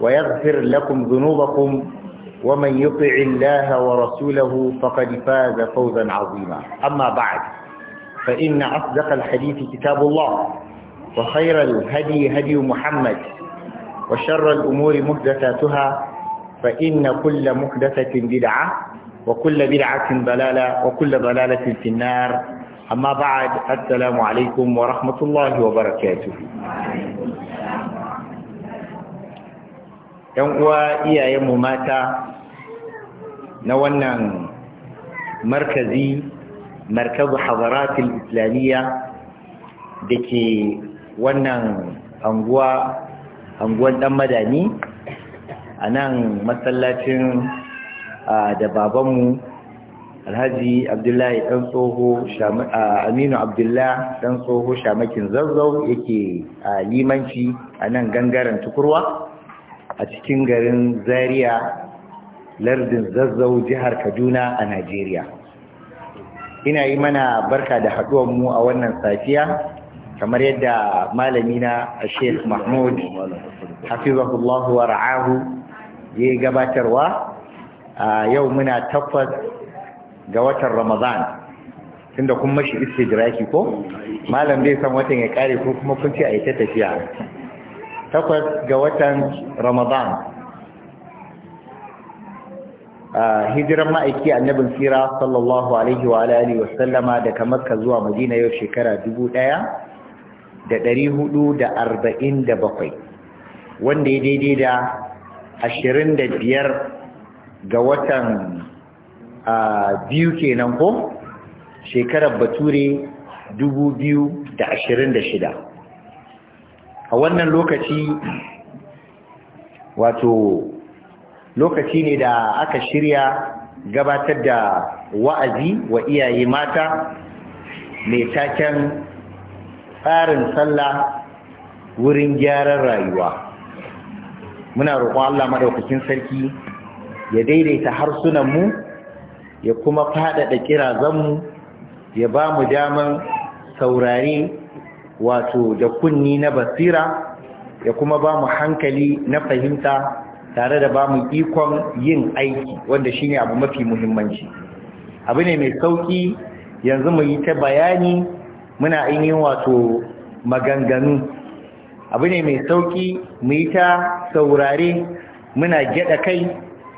ويغفر لكم ذنوبكم ومن يطع الله ورسوله فقد فاز فوزا عظيما أما بعد فإن أصدق الحديث كتاب الله وخير الهدي هدي محمد وشر الأمور محدثاتها فإن كل محدثة بدعة وكل بدعة ضلالة وكل ضلالة في النار أما بعد السلام عليكم ورحمة الله وبركاته yan uwa iyayenmu mata na wannan markazi markazu hazaratul islamiyya da ke wannan anguwa anguwan dan madani a nan masallacin da babanmu alhaji abdullahi dan tsoho aminu abdullahi dan tsoho shamakin zazzau yake limanci a nan gangaren tukurwa a cikin garin zaria lardin zazzau jihar kaduna a najeriya ina yi mana barka da mu a wannan safiya kamar yadda malami na sheikh mahmud hafizahullahu wa ra'ahu ya gabatarwa a yau muna takwas ga watan ramadan tunda kun mashi istidraki ko malam bai san watan ya kare ko kuma kun ce a yi ta tafiya takwas ga watan ramadan a hijiran ma'aiki annabin tsira sallallahu alaihi wa Alaihi wa sallama daga makka zuwa madina yau shekara dubu ɗaya da ɗari hudu da arba'in da bakwai wanda ya daidai da ashirin da biyar ga watan biyu kenan ko shekarar bature dubu biyu da ashirin da shida a wannan lokaci wato lokaci ne da aka shirya gabatar da wa'azi wa iyaye mata mai taken tsarin sallah wurin gyaran rayuwa muna roƙon Allah maɗaukakin sarki ya daidaita harsunanmu ya kuma faɗaɗa ƙirazanmu ya ba mu daman saurare wato da kunni na basira ya kuma ba mu hankali na fahimta tare da ba mu ikon yin aiki wanda shine abu mafi muhimmanci abu ne mai sauki yanzu mu yi ta bayani muna ainihin wato maganganu abu ne mai sauki mu yi ta saurare muna gyada kai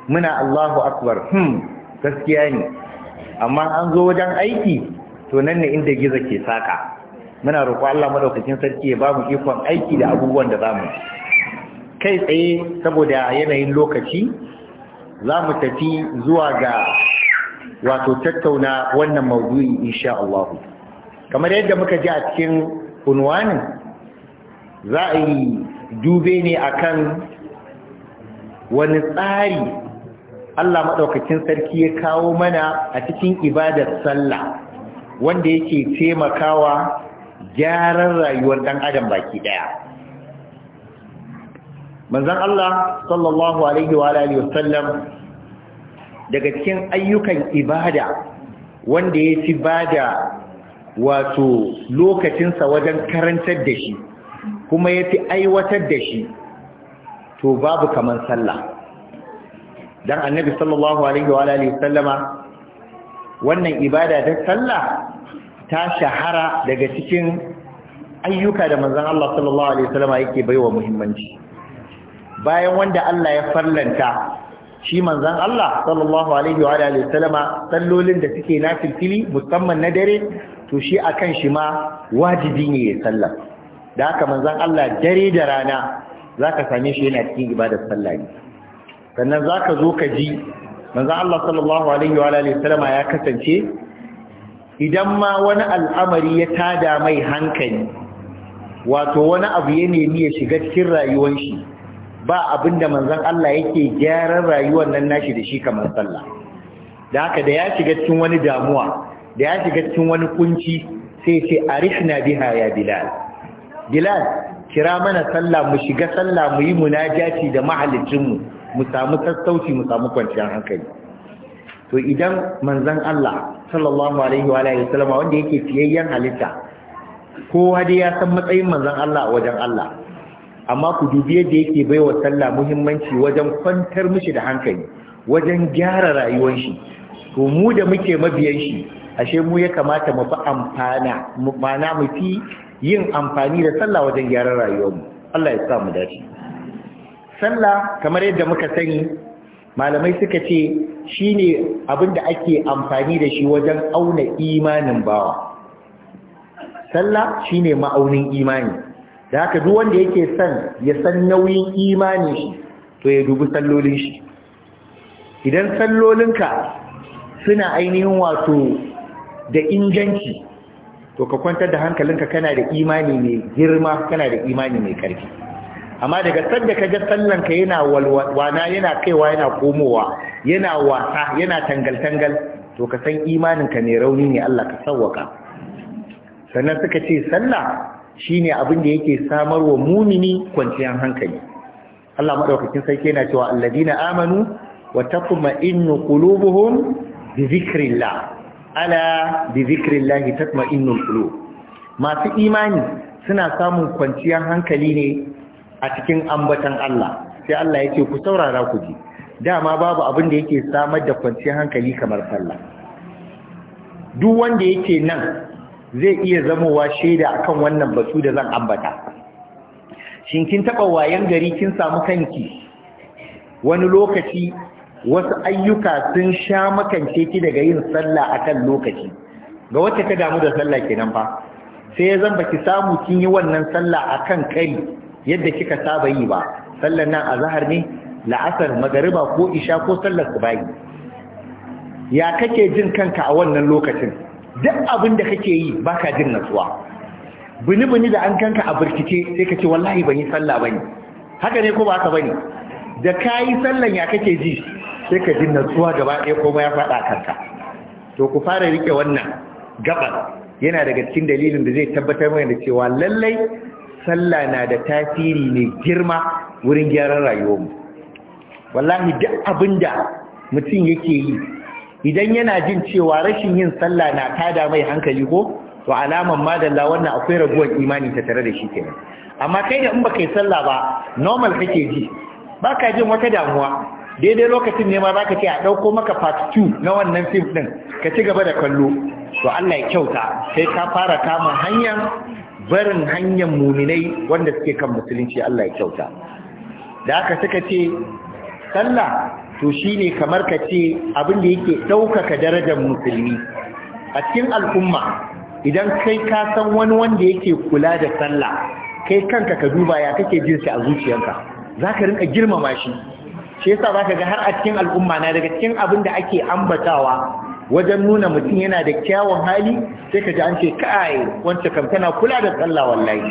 muna Allahu akbar hmm gaskiya ne amma an zo wajen aiki to nan ne inda gizo ke saka muna roƙo Allah madaukakin sarki ya bamu ikon aiki da abubuwan da zamu kai tsaye saboda yanayin lokaci zamu tafi zuwa ga wato tattauna wannan mawdu'i insha Allah kamar yadda muka ji a cikin unwanin za a yi dube ne akan wani tsari Allah maɗaukacin sarki ya kawo mana a cikin ibadar sallah wanda yake taimakawa gyaran rayuwar ɗan adam baki ɗaya. manzon Allah sallallahu alaihi wasallam daga cikin ayyukan ibada wanda ya fi bada wato lokacinsa wajen karantar da shi kuma ya fi aiwatar da shi to babu kaman sallah don annabi sallallahu alaihi wa wannan ibada ta sallah ta shahara daga cikin ayyuka da manzon Allah sallallahu alaihi wasallam yake baiwa muhimmanci bayan wanda Allah ya farlanta shi manzon Allah sallallahu alaihi wa alihi wasallama sallolin da suke na filfili musamman na dare to shi akan shi ma wajibi ne ya sallah da haka manzon Allah dare da rana zaka same shi yana cikin ibadar sallah ne sannan zaka zo ka ji manzon Allah sallallahu alaihi wa alihi wasallama ya kasance idan ma wani al'amari ya tada mai hankali wato wani abu ya nemi ya shiga cikin rayuwar shi ba abin da manzon Allah yake gyaran rayuwar nan nashi da shi kamar sallah da haka da ya shiga cikin wani damuwa da ya shiga cikin wani kunci sai ce arifna biha ya bilal bilal kira mana sallah mu shiga sallah mu yi munajati da mahallicin mu mu samu sassauci mu samu kwanciyar hankali to idan manzan Allah sallallahu alaihi wa alihi wasallama wanda yake fiyayyen halitta kowa dai ya san matsayin manzan Allah wajen Allah amma ku dubi yadda yake baiwa sallah muhimmanci wajen kwantar mishi da hankali wajen gyara rayuwar shi to mu da muke mabiyan shi ashe mu ya kamata mu fi amfana mana mu fi yin amfani da sallah wajen gyaran mu, Allah ya sa mu dace sallah kamar yadda muka sani malamai suka ce shi ne abinda ake amfani da shi wajen auna imanin bawa sallah shi ne ma'aunin imani da haka duk wanda yake son ya san nauyin imani shi to ya dubi sallolin shi idan sallolinka suna ainihin wato da inganci to ka kwantar da hankalinka kana da imani mai girma kana da imani mai karfi amma daga sanda ka ga sallan ka yana walwana yana kaiwa yana komowa yana wasa yana tangal-tangal to ka san imanin ka ne rauni ne Allah ka sawwaka sannan suka ce sallah shine abin da yake samarwa mumini kwanciyar hankali Allah madaukakin sarki yana cewa alladina amanu wa taqma'innu qulubuhum bi dhikrillah ala bi dhikrillah tatma'innul qulub masu imani suna samun kwanciyar hankali ne a cikin ambatan Allah sai Allah ya ce ku saurara ku ji dama babu abin da yake samar da kwanciyar hankali kamar sallah duk wanda yake nan zai iya zamowa shaida akan wannan batu da zan ambata shin kin taba wayan gari kin samu kanki wani lokaci wasu ayyuka sun sha makance ki daga yin sallah akan lokaci ga wacce ta damu da sallah kenan fa sai ya zamba ki samu kin yi wannan sallah akan kai yadda kika saba yi ba sallar nan zahar ne la'asar magariba ko isha ko sallar subayi ya kake jin kanka a wannan lokacin duk abin da kake yi baka jin natsuwa bini-bini da an kanka a birkice sai kace wallahi ban yi sallah bane haka ne ko ba haka bane da kayi sallan ya kake ji sai ka jin natsuwa gaba ɗaya ko ya faɗa kanka to ku fara rike wannan gabar yana daga cikin dalilin da zai tabbatar mana da cewa lallai sallah na da tasiri mai girma wurin gyaran rayuwarmu wallahi duk abinda mutum yake yi idan yana jin cewa rashin yin sallah na tada mai hankali ko to alaman madalla wannan akwai raguwar imani ta tare da shi kenan amma kai da in ba kai sallah ba normal kake ji baka jin wata damuwa daidai lokacin ne ma zaka ce a dauko maka part 2 na wannan fim ɗin. ka ci gaba da kallo to Allah ya kyauta sai ka fara kama hanyar barin hanyar muminai wanda suke kan musulunci Allah ya kyauta da aka suka ce sallah to shine kamar ka ce abin da yake ɗaukaka darajar musulmi a cikin al'umma idan kai ka san wani wanda yake kula da sallah kai kanka ka duba ya kake jin shi a zuciyarka zaka rinka girmama shi shi yasa zaka ga har a cikin al'umma na daga cikin abin da ake ambatawa wajen nuna mutum yana da kyawun hali sai ka ji an ce kai wance kam tana kula da tsalla wallahi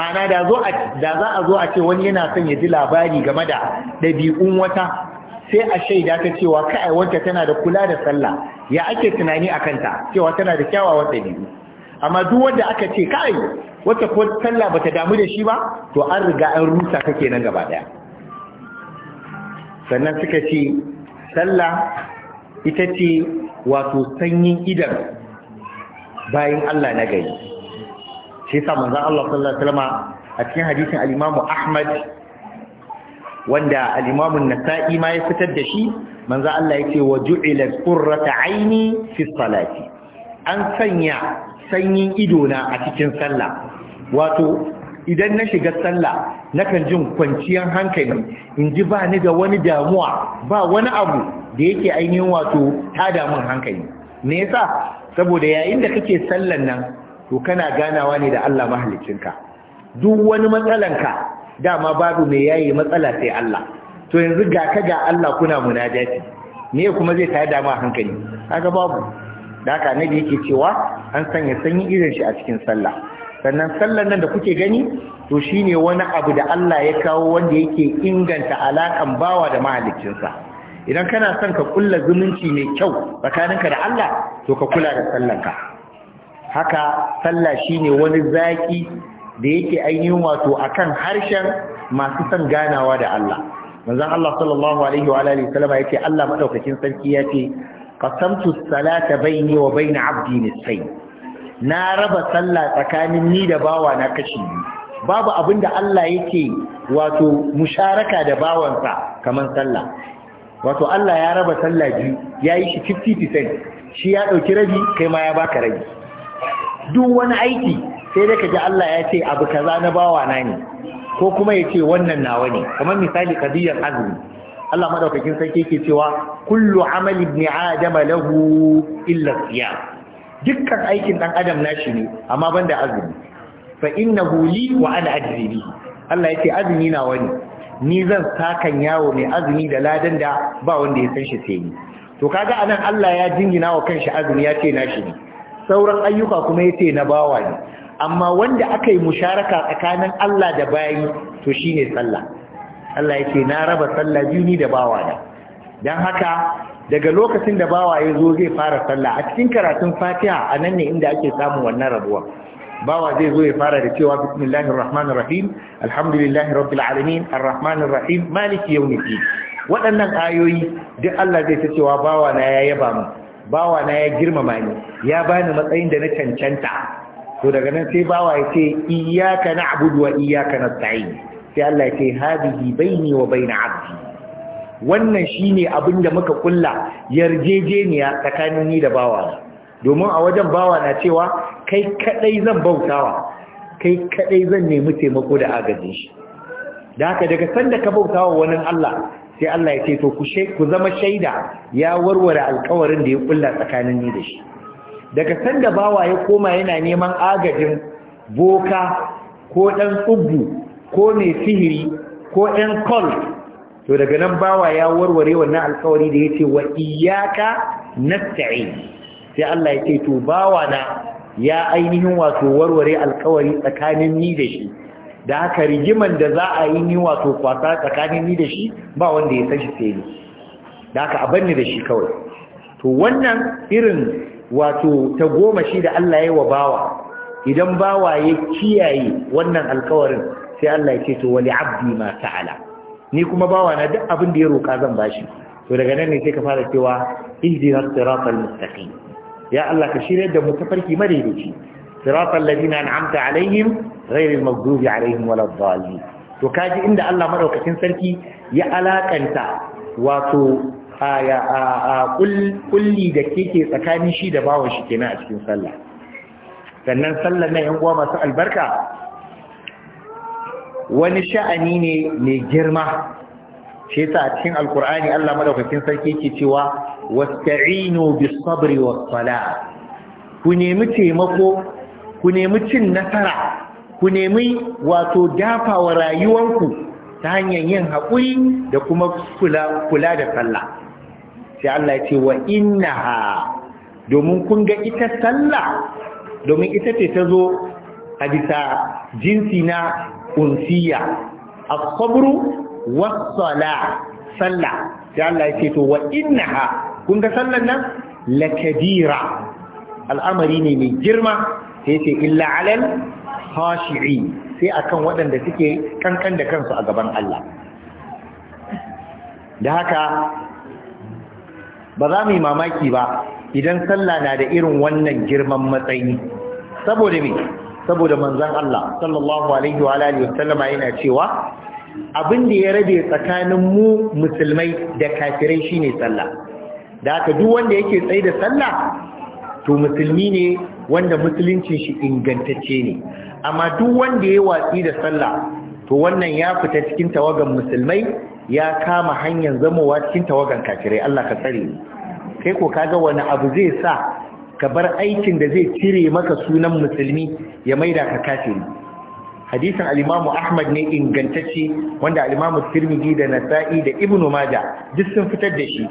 ma'ana da zo a da za a zo a ce wani yana son ya ji labari game da ɗabi'un wata sai a shaida ta cewa kai wance tana da kula da sallah ya ake tunani akan ta cewa tana da kyawawan ɗabi'u amma duk wanda aka ce kai wata ko sallah bata damu da shi ba to an riga an rusa kake nan gaba daya sannan suka ce sallah ita ce wato sanyin idan bayan Allah na gari shi yasa manzon Allah sallallahu alaihi a cikin hadisin al Ahmad wanda al nasai ma ya fitar da shi manzon Allah yake wa ju'ila qurrata aini fi salati an sanya sanyin idona a cikin sallah wato idan na shiga sallah nakan jin kwanciyar hankali in ji ba ni da wani damuwa ba wani abu da yake ainihin wato ta damun hankali me yasa saboda yayin da kake sallan nan to kana ganawa ne da Allah mahaliccinka duk wani matsalanka dama babu mai yayi matsala sai Allah to yanzu ga ka ga Allah kuna munajati me kuma zai ta dama hankali kaga babu da haka nabi yake cewa an sanya sanyi irin shi a cikin sallah sannan sallar nan da kuke gani to shine wani abu da Allah ya kawo wanda yake inganta alakan bawa da mahaliccinsa idan kana son ka kulla zumunci mai kyau tsakaninka da Allah to ka kula da sallarka. haka sallah shine wani zaki da yake ainihin wato akan harshen masu son ganawa da Allah manzon Allah sallallahu alaihi wa alihi sallama yake Allah madaukakin sarki yake qasamtu salata baini wa baina abdi nisfain na raba sallah tsakanin ni da bawa na kashi babu abin da Allah yake wato musharaka da bawansa kamar sallah wato Allah ya raba sallah biyu ya yi shi 50% shi ya ɗauki rabi kai ma ya baka rabi duk wani aiki sai da kaji Allah ya ce abu kaza na bawa na ne ko kuma ya ce wannan nawa ne kamar misali kadiyar azumi Allah madaukakin sarki yake cewa kullu amali ibn adam lahu illa siyam dukkan aikin dan adam nashi ne amma banda azumi fa innahu li wa ana ajri Allah yake azumi na wani ni zan sakan yawo ne azumi da ladan da ba wanda ya san shi sai ni to kaga anan Allah ya jingina wa kanshi azumi ya ce nashi ne sauran ayyuka kuma yace na bawa ne amma wanda aka yi musharaka tsakanin Allah da bayi to shine sallah Allah yake na raba sallah biyu da bawa ne don haka daga lokacin da bawa ya zo zai fara sallah a cikin karatun fatiha a nan ne inda ake samun wannan rabuwa bawa zai zo ya fara da cewa bismillahir rahmanir rahim alhamdulillahi rabbil alamin arrahmanir rahim maliki yawmiddin waɗannan ayoyi duk Allah zai ta cewa bawa na ya yaba mu bawa na ya girmama ni ya bani matsayin da na cancanta to daga nan sai bawa ya ce iyyaka na'budu wa iyyaka nasta'in sai Allah ya ce hadihi baini wa baina 'abdi wannan shine abin da muka kulla yarjejeniya tsakanin ni da bawa na domin a wajen bawa na cewa kai kadai zan bautawa kai kadai zan nemi taimako da agajin shi da haka daga sanda ka bautawa wani Allah sai Allah ya ce to ku zama shaida ya warware alƙawarin da ya kulla tsakanin ni da shi daga sanda bawa ya koma yana neman agajin boka ko ɗan tsubbu ko mai sihiri ko ɗan cult to daga nan bawa ya warware wannan alkawari da yace wa iyyaka nasta'in sai Allah yake to bawa na ya ainihin wato warware alkawari tsakanin ni da shi da haka rigiman da za a yi ni wato kwasa tsakanin ni da shi ba wanda ya san shi sai ni da haka a banni da shi kawai to wannan irin wato ta goma shi da Allah ya wa bawa idan bawa ya kiyaye wannan alkawarin sai Allah ya ce to wali abdi ma ta'ala ni kuma bawa na duk abin da ya roƙa zan bashi to daga nan ne sai ka fara cewa ihdinas siratal mustaqim ya Allah ka shirye da mu tafarki madaidaici siratal ladina an'amta alaihim ghairil maghdubi alaihim waladdallin to kaji inda Allah madaukakin sarki ya alakanta wato aya a kulli da keke tsakanin shi da bawon shi kenan a cikin sallah sannan sallar na yan uwa masu albarka wani sha'ani ne mai girma shi yasa a cikin alkur'ani Allah madaukakin sarki ke cewa wasta'inu bis sabri was salah ku nemi taimako ku nemi cin nasara ku nemi wato dafawa rayuwanku ta hanyar yin haƙuri da kuma kula kula da sallah sai Allah ya ce wa innaha domin kun ga ita sallah domin ita ce ta zo a bisa jinsi na unsiya A sabru was sallah sai Allah ya ce to wa innaha kun ga sallan nan la al'amari ne mai girma sai ce illa alal khashi'i sai akan waɗanda suke kankan da kansu a gaban Allah da haka ba za mu yi mamaki ba idan sallah na da irin wannan girman matsayi saboda mai. saboda manzon Allah sallallahu alaihi wa alihi wasallama yana cewa abin da ya rabe tsakanin mu musulmai da kafirai shine sallah da haka duk wanda yake tsaye da sallah to musulmi ne wanda musuluncin shi ingantacce ne amma duk wanda ya watsi da sallah to wannan ya fita cikin tawagan musulmai ya kama hanyar zamowa cikin tawagan kafirai Allah ka tsare kai ko kaga wani abu zai sa ka bar aikin da zai cire maka sunan musulmi ya maida ka kafiri hadisin al-Imam Ahmad ne ingantacce wanda al-Imam Tirmidhi da Nasa'i da Ibn Majah duk sun fitar da shi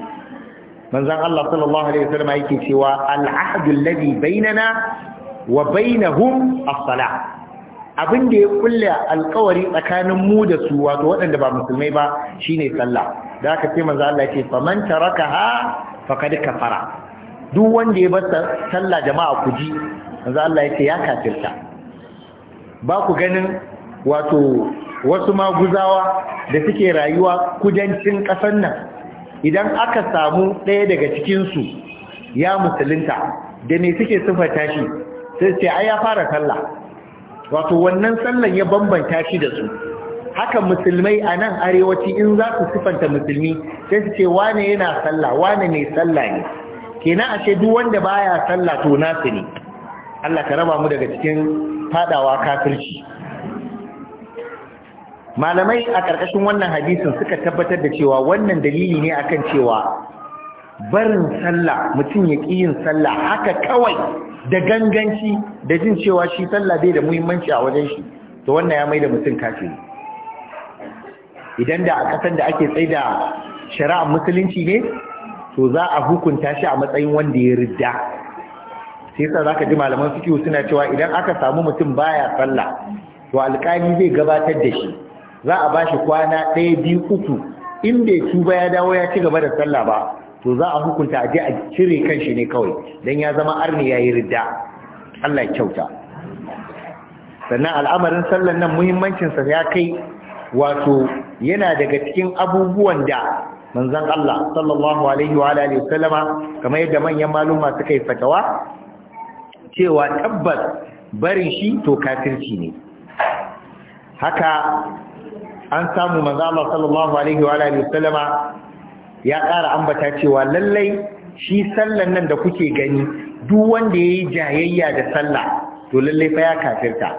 manzon Allah sallallahu alaihi wasallam yake cewa al-ahdu alladhi bainana wa bainahum as-salah abin da ya kulle alkawari tsakanin mu da su wato waɗanda ba musulmai ba shine sallah da aka ce manzo Allah ce faman tarakaha faqad kafara duk wanda ya bata sallah jama'a ku ji manzo Allah yake ya kafirta ba ku ganin wato wasu maguzawa da suke rayuwa kudancin ƙasar nan idan aka samu ɗaya daga cikinsu ya musulunta da ne suke sifata shi sai ce ai ya fara sallah wato wannan sallan ya bambanta shi da su haka musulmai a nan arewaci in za su sifanta musulmi sai su ce wane yana sallah wane mai sallah ne kenan ashe duk wanda baya sallah to nasu ne Allah ka raba mu daga cikin fadawa kafirci malamai a ƙarƙashin wannan hadisin suka tabbatar da cewa wannan dalili ne akan cewa barin sallah mutum ya ƙi yin sallah haka kawai da ganganci da jin cewa shi sallah bai da muhimmanci a wajen shi to wannan ya mai da mutum kafiri idan da a ƙasar da ake da shari'ar musulunci ne to za a hukunta shi a matsayin wanda ya ridda sai sa za ka ji malaman fiqh suna cewa idan aka samu mutum baya sallah to alƙali zai gabatar da shi za a bashi kwana ɗaya biyu uku in bai tuba ya dawo ya ci gaba da sallah ba to za a hukunta a je a cire kanshi ne kawai dan ya zama arni yi ridda Allah ya kyauta sannan al'amarin sallan nan muhimmancinsa ya kai wato yana daga cikin abubuwan da manzon Allah sallallahu alaihi wa alihi wasallama kamar yadda manyan maluma suka yi fatawa cewa tabbas barin shi to kafirci ne haka an samu manzan Allah sallallahu alaihi wa alihi wasallama ya ƙara ambata cewa lallai shi sallan nan da kuke gani duk wanda yayi jayayya da sallah to lallai fa ya kafirta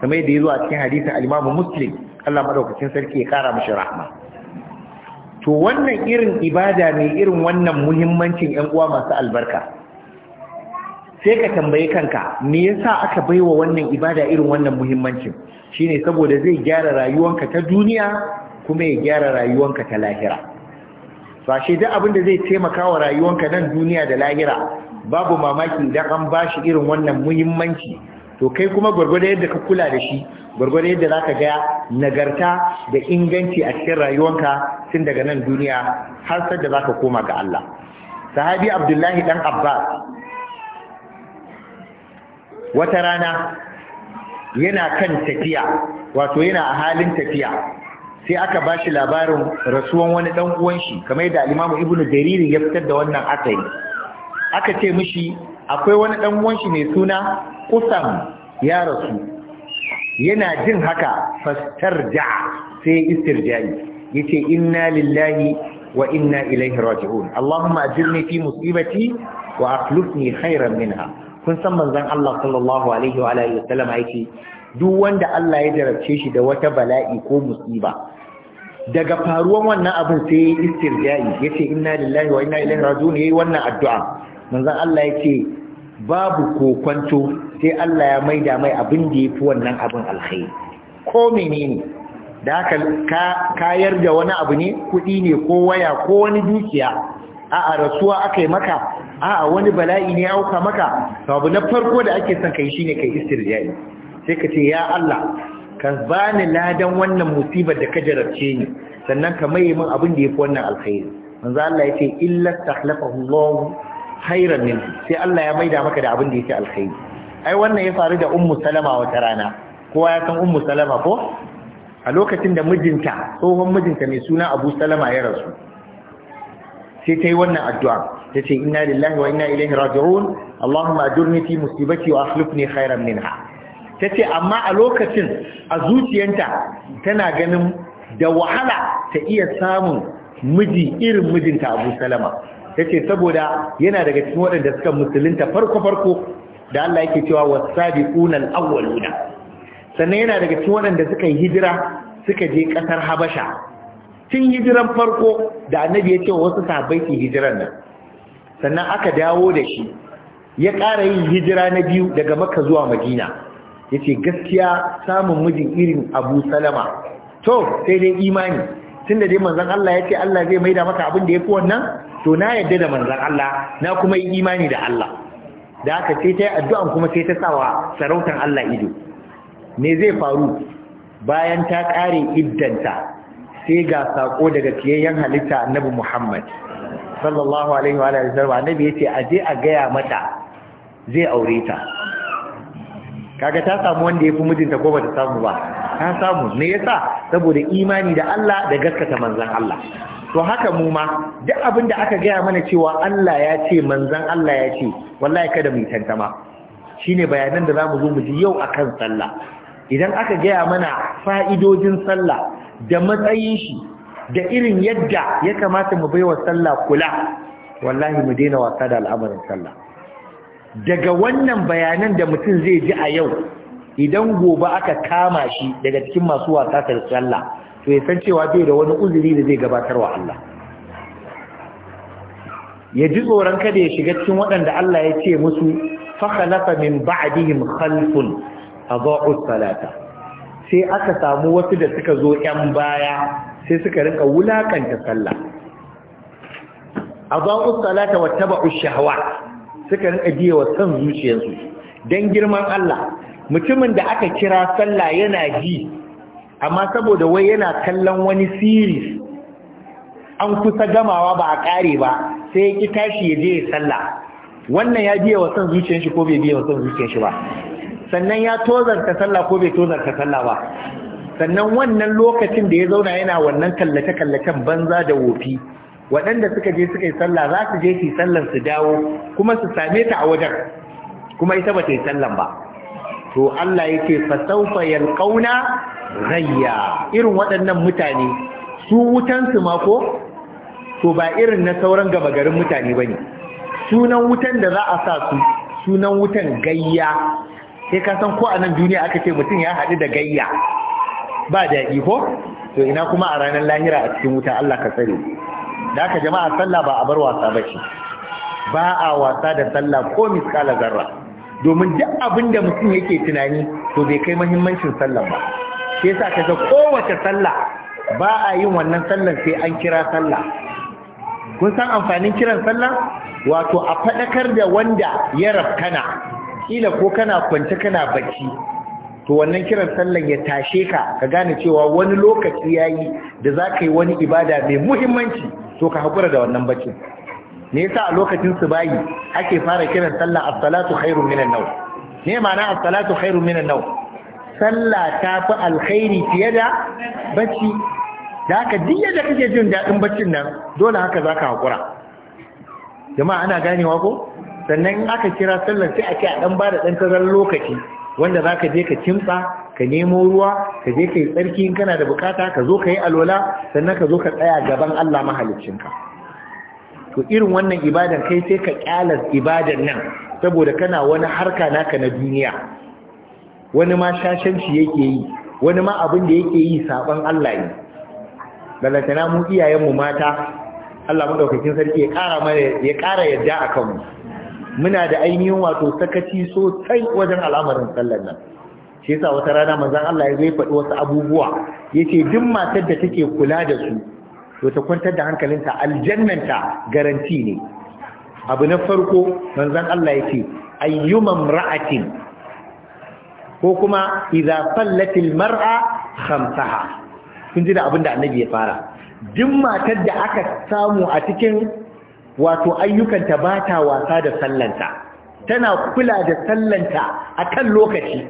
kamar yadda ya zo a cikin hadisi al-Imam Muslim Allah madaukakin sarki ya kara mashi rahma to wannan irin ibada ne irin wannan muhimmancin ‘yan uwa masu albarka sai ka tambayi kanka me yasa aka baiwa wannan ibada irin wannan muhimmancin shine saboda zai gyara rayuwanka ta duniya kuma ya gyara rayuwarka ta lahira ba shi duk abin da zai taimaka wa rayuwanka nan duniya da lahira babu mamaki idan an bashi irin wannan muhimmanci to kai kuma gwargwadon yadda ka kula da shi gwargwadon yadda za ka gaya nagarta da inganci a cikin rayuwanka tun daga nan duniya har sai da za ka koma ga Allah sahabi abdullahi Ɗan abbas wata rana yana kan tafiya wato yana a halin tafiya sai aka ba shi labarin rasuwan wani dan uwan shi kamar yadda al'imamu Ibnu Ibn ya fitar da wannan asari aka ce mishi akwai wani ɗan wanshi mai suna kusam ya rasu yana jin haka fastarja sai istirja'i yace inna lillahi wa inna ilaihi raji'un allahumma ajirni fi musibati wa akhlifni khairan minha kun san manzon Allah sallallahu alaihi wa alihi wasallam yake duk wanda Allah ya jarabce shi da wata bala'i ko musiba daga faruwan wannan abin sai istirja'i yace inna lillahi wa inna ilaihi raji'un yayi wannan addu'a manzon Allah ya ce babu kokwanto sai Allah ya maida mai abin da ya fi wannan abin alkhairi ko menene da haka kayar da wani abu ne kuɗi ne ko waya ko wani dukiya a'a rasuwa aka yi maka a'a wani bala'i ne auka maka Babu na farko da ake son kai shine kai istirjai sai ka ce ya Allah ka bani ladan wannan musibar da ka jarabce ni sannan ka maye min abin da yafi wannan alkhairi manzo Allah yace illa takhlafahu Allah khairan min sai Allah ya maida maka da abin da yake alkhairi ai wannan ya faru da ummu salama wata rana kowa ya san ummu salama ko a lokacin da mijinta tsohon mijinta mai suna abu salama ya rasu sai ta yi wannan addu'a ta ce inna lillahi wa inna ilaihi raji'un allahumma ajurni fi musibati wa akhlifni khairan minha ta ce amma a lokacin a zuciyanta tana ganin da wahala ta iya samun miji irin mijinta abu salama ce saboda yana daga cikin waɗanda suka musulunta farko farko da Allah yake cewa wasabiquna awwaluna sannan yana daga cikin waɗanda suka yi hijira suka je ƙasar Habasha tun hijiran farko da annabi ya ce wasu sahabbai ke hijiran nan sannan aka dawo da shi ya ƙara yin hijira na biyu daga Makka zuwa Madina yace gaskiya samun mijin irin Abu Salama to sai dai imani tunda dai manzon Allah yace Allah zai maida maka abin da fi wannan to na yadda da manzan Allah na kuma yi imani da Allah da aka sai ta yi addu'an kuma sai ta sawa sarautar Allah ido ne zai faru bayan ta ƙare iddanta sai ga saƙo daga fiyayyen halitta annabi Muhammad sallallahu alaihi wa sallam annabi yace a je a gaya mata zai aure ta kaga ta samu wanda ya fi mijinta ko bata samu ba ta samu me yasa saboda imani da Allah da gaskata manzon Allah to haka mu ma duk abin da aka gaya mana cewa Allah ya ce manzon Allah ya ce wallahi kada mu tantama shine bayanan da zamu zo mu ji yau akan sallah idan aka gaya mana fa'idojin sallah da matsayin shi da irin yadda ya kamata mu baiwa sallah kula wallahi mu daina wasa da al'amarin sallah daga wannan bayanan da mutum zai ji a yau idan gobe aka kama shi daga cikin masu wasa da sallah to ya san cewa bai da wani uzuri da zai gabatar wa Allah ya ji tsoron kada ya shiga cikin waɗanda Allah ya ce musu fakhalafa min ba'dihim khalfun adha'u salata sai aka samu wasu da suka zo ƴan baya sai suka rinka wulakanta sallah adha'u salata wattaba'u shahawat suka rinka biye wa san zuciyarsu dan girman Allah mutumin da aka kira sallah yana ji amma saboda wai yana kallon wani series an kusa gamawa ba a kare ba sai ya ki tashi ya je ya sallah wannan ya biya wasan zuciyar shi ko bai biya wasan zuciyar shi ba sannan ya tozarta sallah ko bai tozarta sallah ba sannan wannan lokacin da ya zauna yana wannan kallace-kallacen banza da wofi waɗanda suka je suka yi sallah za su je su yi sallan su dawo kuma su same ta a wajen kuma ita ba ta yi sallan ba to Allah yake saufa yalqauna ghayya irin waɗannan mutane su wutan su ma ko to ba irin na sauran gaba garin mutane bane sunan wutan da za a sa su sunan wutan gayya sai ka san ko a nan duniya aka ce mutum ya haɗu da gayya ba daɗi ko to ina kuma a ranar lahira a cikin wuta Allah ka tsare da aka jama'a sallah ba a bar wasa ba ba a wasa da sallah ko miskala zarra domin duk abin da mutum yake tunani to bai kai mahimmancin sallah ba shi yasa kaga kowace sallah ba a yin wannan sallar sai an kira sallah kun san amfanin kiran sallah wato a fadakar da wanda ya rafkana kila ko kana kwance kana bacci to wannan kiran sallan ya tashe ka ka gane cewa wani lokaci yayi da za ka yi wani ibada mai muhimmanci to ka haƙura da wannan baccin me yasa a lokacin bayi ake fara kiran sallah as-salatu khairun minan nawm ne ma'ana as-salatu khairun minan nawm sallah ta fi alkhairi fiye da bacci da haka duk yadda kake jin daɗin baccin nan dole haka zaka hakura jama'a ana ganewa ko sannan in aka kira sallar sai ake a dan ba da dan tazar lokaci wanda zaka je ka kimtsa ka nemo ruwa ka je kai tsarki in kana da bukata ka zo ka yi alwala sannan ka zo ka tsaya gaban Allah ka. to irin wannan ibadan kai sai ka kyalar ibadan nan saboda kana wani harka naka na duniya wani ma shashanci yake yi wani ma abin da yake yi saban Allah ne balantana mu iyayenmu mata Allah madaukakin sarki ya kara mana ya kara yadda akan mu muna da ainihin wato sakaci sosai wajen al'amarin sallar nan shi yasa wata rana manzon Allah ya zai faɗi wasu abubuwa yace duk matar da take kula da su to ta kwantar da hankalinta aljannanta garanti ne abu na farko manzon Allah ya ce ayyuman ra'atin ko kuma idza fallatil mar'a khamsaha kun ji da abin da annabi ya fara duk matar da aka samu a cikin wato ayyukanta ba ta wasa da sallanta tana kula da sallanta akan lokaci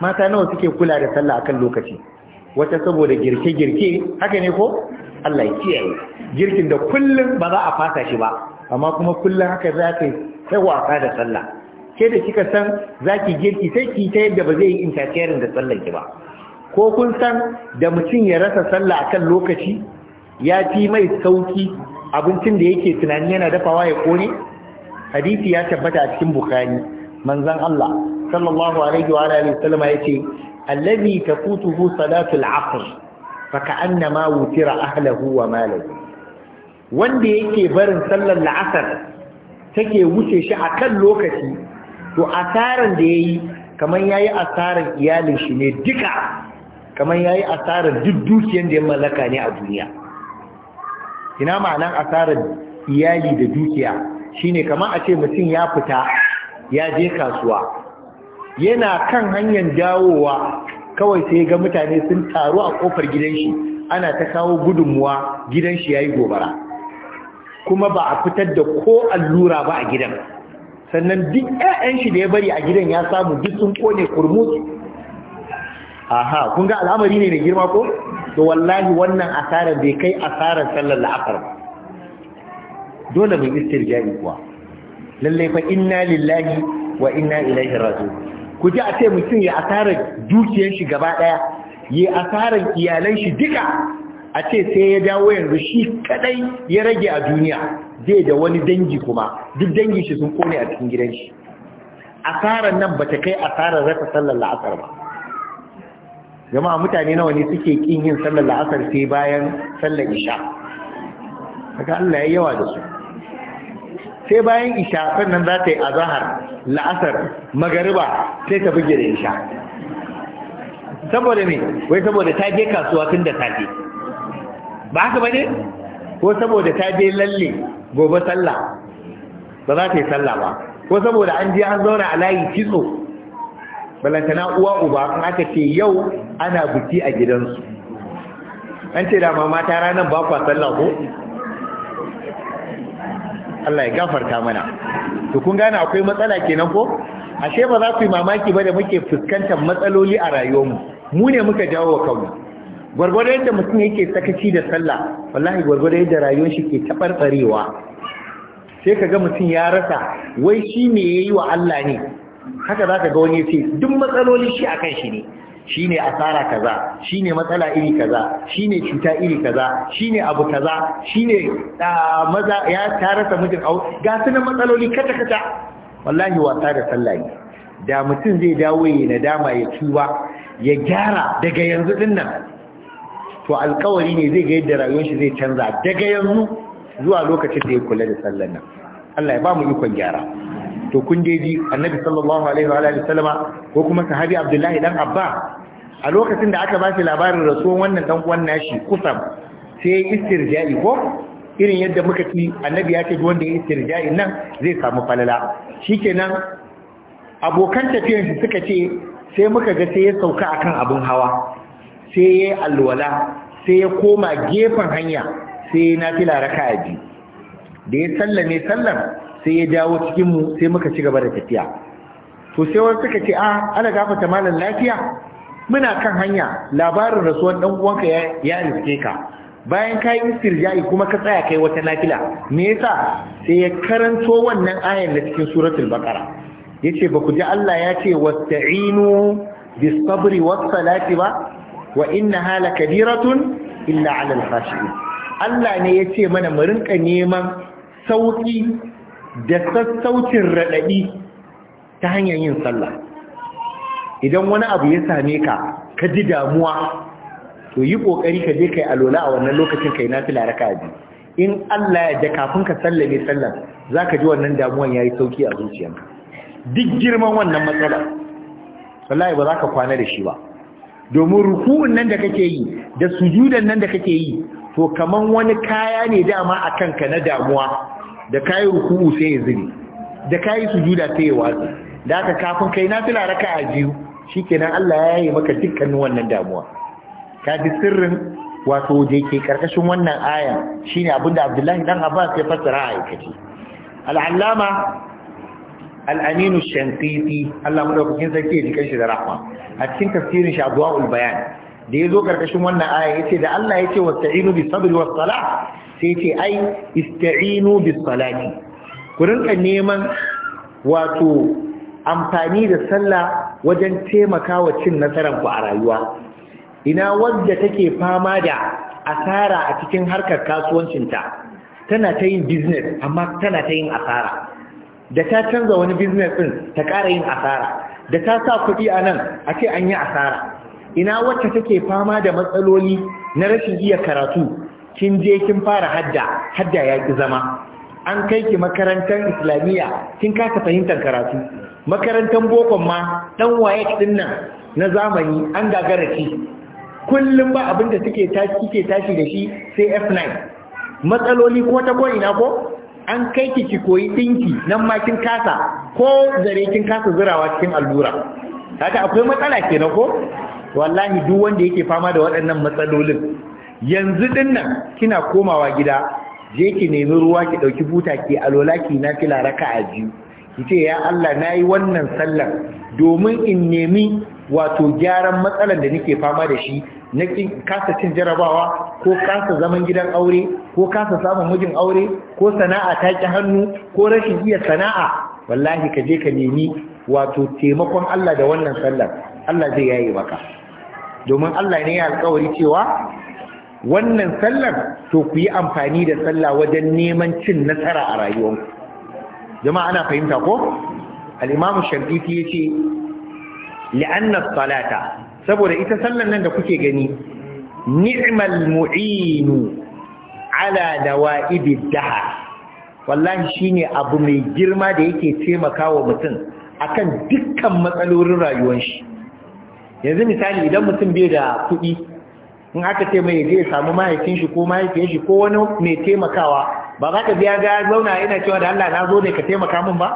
mata nawa suke kula da sallah akan lokaci wata saboda girke-girke haka ne ko Allah ya kiyaye girkin da kullum ba za a fasa shi ba amma kuma kullum haka za ka yi wasa da sallah ke da kika san za ki girki sai ki ta yadda ba zai yi interfering da sallar ki ba ko kun san da mutum ya rasa sallah a kan lokaci ya fi mai sauki abincin da yake tunani yana dafawa ya kone hadisi ya tabbata a cikin bukhari manzon Allah sallallahu alaihi wa alihi sallama yace allazi takutuhu salatul asr faka annama wutira ahlahu wa wanda yake barin sallar la'asar take wuce shi a kan lokaci to asaran da yayi kaman yayi asaran iyalin shi ne duka kaman yayi asaran duk dukiyar da ya mallaka ne a duniya ina ma'anan asaran iyali da dukiya shine kaman a ce mutum ya fita ya je kasuwa yana kan hanyar dawowa kawai sai ga mutane sun taru a kofar gidan shi ana ta kawo gudunmuwa gidan shi yayi gobara kuma ba a fitar da ko allura ba a gidan sannan duk ƴaƴan shi da ya bari a gidan ya samu duk sun kone kurmus aha kun ga al'amari ne da girma ko to wallahi wannan asarar bai kai asarar sallar la'akar ba dole mai istirjani kuwa lallai fa inna lillahi wa inna ilaihi raji'un ku ji a ce mutum ya asarar dukiyar shi gaba ɗaya ya asarar iyalan shi duka a ce sai ya dawo yanzu shi kadai ya rage a duniya zai da wani dangi kuma duk dangi shi sun kone a cikin gidan shi asarar nan ta kai asarar rasa sallar la'asar ba jama'a mutane nawa ne suke kin yin sallar la'asar sai bayan sallar isha kaga Allah ya yawa da su sai bayan isha sannan za ta yi azahar la'asar magariba sai ta buge da isha saboda me wai saboda ta je kasuwa tun da tafi ba haka bane ko saboda ta je lalle gobe sallah ba za ta yi sallah ba ko saboda an je an zauna a layi kitso balantana uwa uba an aka ce yau ana buki a gidansu an ce da mama ta ranar ba kwa sallah ko Allah ya gafarta mana to kun gane akwai matsala kenan ko ashe ba za ku yi mamaki ba da muke fuskantar matsaloli a rayuwarmu mu ne muka jawo wa kauna gwargwado yadda mutum yake sakaci da sallah wallahi gwargwado yadda rayuwar shi ke tabarbarewa sai kaga mutum ya rasa wai shi me yayi wa Allah ne haka zaka ga wani ce duk matsaloli shi akan shi ne shine asara kaza shine matsala iri kaza shine cuta iri kaza shine abu kaza shine maza ya tarasa mijin au ga sunan matsaloli kata kata wallahi wasa da sallah ne da mutum zai dawo ya nadama ya tuba ya gyara daga yanzu din nan to alkawari ne zai ga yadda rayuwar shi zai canza daga yanzu zuwa lokacin da ya kula da sallar nan Allah ya ba mu ikon gyara to kun dai ji annabi sallallahu alaihi wa alihi sallama ko kuma sahabi abdullahi dan abba a lokacin da aka ba shi labarin rasuwan wannan dan uwan nashi kusam sai istirja'i ko irin yadda muka ci annabi ya ce duk wanda ya istirja'i nan zai samu falala shikenan abokan tafiyan shi suka ce sai muka ga sai ya sauka akan abin hawa sai ya alwala sai ya koma gefen hanya sai na nafila raka'a da ya sallame sallam. sai ya dawo cikin mu sai muka ci gaba da tafiya to sai wani suka ce a ah, ana gafata malam lafiya muna kan hanya labarin rasuwar dan uwanka ya ya ka bayan kai istirja'i kuma ka tsaya kai wata nafila me yasa sai ya karanto wannan ayan da cikin suratul baqara yace ba ku ji Allah ya ce wasta'inu bis sabri was salati ba wa innaha lakabiratun illa 'alal khashi'in Allah ne yace mana mu rinka neman sauki da sassaucin raɗaɗi ta hanyar yin sallah idan wani abu ya same ka ka ji damuwa to yi ƙoƙari ka je kai alola a wannan lokacin kai nafila laraka biyu in Allah ya da kafin ka sallame za ka ji wannan damuwan ya yi sauki a zuciyarka duk girman wannan matsala wallahi ba ka kwana da shi ba domin ruku'un nan da kake yi da sujudan nan da kake yi to kaman wani kaya ne dama akan ka na damuwa da kayi ruku'u sai ya zube da kayi sujuda sai ya watsi da aka kafin kai nafila a biyu shikenan Allah ya yi maka dukkanin wannan damuwa ka ji sirrin wato da yake karkashin wannan aya shine abinda Abdullahi dan Abbas ya fassara a aikace al-allama al-amin ash-shanqiti Allah madaukakin sarki ya jikan shi da rahma a cikin tafsirin shi Adwaul Bayan da yazo karkashin wannan aya yace da Allah yace wasta'inu bi sabri was salah sai ce ai ista'inu bis salati ku rinka neman wato amfani da sallah wajen taimakawa cin nasaran ku a rayuwa ina wadda take fama da asara a cikin harkar kasuwancinta tana ta yin business amma tana ta yin asara da ta canza wani business din ta ƙara yin asara da ta sa kuɗi a nan a ce an yi asara ina wacce take fama da matsaloli na rashin iya karatu kin je kin fara hadda hadda ya ki zama an kai ki makarantar islamiyya kin kasa fahimtar karatu makarantar bokon ma dan waye din nan na zamani an gagara ki kullum ba abin da suke tashi kike tashi da shi sai F9 matsaloli ko ta ko ina ko an kai ki ki koyi dinki nan ma kin kasa ko zare kin kasa zurawa cikin allura haka akwai matsala kenan ko wallahi duk wanda yake fama da waɗannan matsalolin yanzu dinnan kina komawa gida je ki nemi ruwa ki dauki buta ki alola ki raka a biyu ki ce ya Allah na yi wannan sallar domin in nemi wato gyaran matsalar da nake fama da shi na kasa cin jarabawa ko kasa zaman gidan aure ko kasa samun mijin aure ko sana'a ta ki hannu ko rashin iya sana'a wallahi ka je ka nemi wato taimakon Allah da wannan sallar Allah zai yaye maka domin Allah ne ya alƙawari cewa wannan sallar to ku yi amfani da sallah wajen neman cin nasara a rayuwarku jama'a ana fahimta ko al-imamu shafi'i yace li'anna salata saboda ita sallar nan da kuke gani ni'mal mu'inu ala dawa'ibi dahar wallahi shine abu mai girma da yake taimakawa mutum akan dukkan matsalolin rayuwar shi yanzu misali idan mutum bai da kuɗi in aka ce mai zai samu mahaifin shi ko mahaifiyar shi ko wani mai taimakawa ba za ka biya ga zauna ina cewa da Allah na zo ne ka taimaka min ba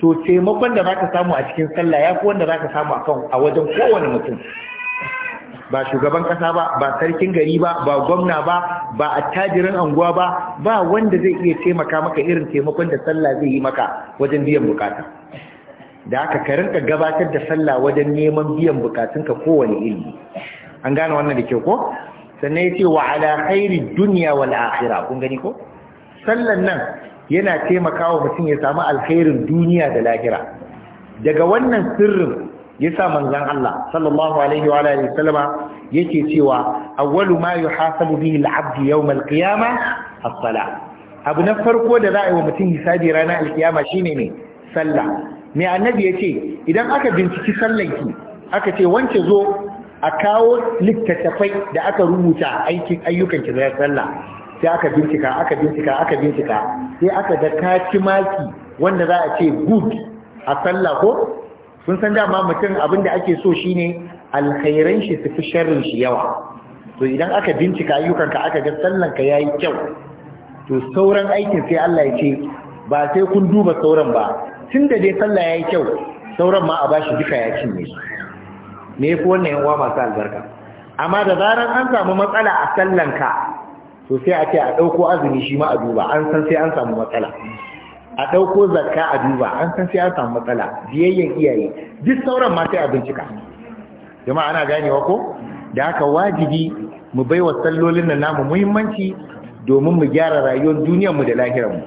to taimakon da za samu a cikin sallah ya fi wanda za ka samu akan a wajen kowane mutum ba shugaban kasa ba ba sarkin gari ba ba gwamna ba ba attajirin anguwa ba ba wanda zai iya taimaka maka irin taimakon da sallah zai yi maka wajen biyan bukata da aka ka gabatar da sallah wajen neman biyan bukatunka kowane ilimi an gane wannan da ke ko sannan ya ce wa ala khairi duniya wal akhirah kun gani ko sallan nan yana taimakawa mutum ya samu alkhairin duniya da lahira daga wannan sirrin yasa manzon Allah sallallahu alaihi wa alihi yake cewa awwalu ma yuhasabu bihi al-'abdu yawm al-qiyamah as-salah abu na farko da za a yi wa mutum hisabi ranar alkiyama shine ne sallah mai annabi ya ce, idan aka binciki sallanki aka ce wance zo a kawo littattafai da aka rubuta aikin ayyukan ki sallah sai aka bincika aka bincika aka bincika sai aka ga kaci maki wanda za a ce good a sallah ko sun san dama mutum abin da ake so shine alkhairan shi su fi sharrin shi yawa to idan aka bincika ayyukanka aka ga sallanka yayi kyau to sauran aikin sai Allah ya ce ba sai kun duba sauran ba tunda dai sallah yayi kyau sauran ma a bashi duka ya cinye shi me yafi wannan yan uwa masu albarka amma da zaran an samu matsala a sallanka to sai a ce a ɗauko azumi shi ma a duba an san sai an samu matsala a ɗauko zakka a duba an san sai an samu matsala biyayyen iyaye duk sauran ma sai a bincika jama'a ana ganewa ko da haka wajibi mu baiwa sallolin nan namu muhimmanci domin mu gyara rayuwar duniyar mu da mu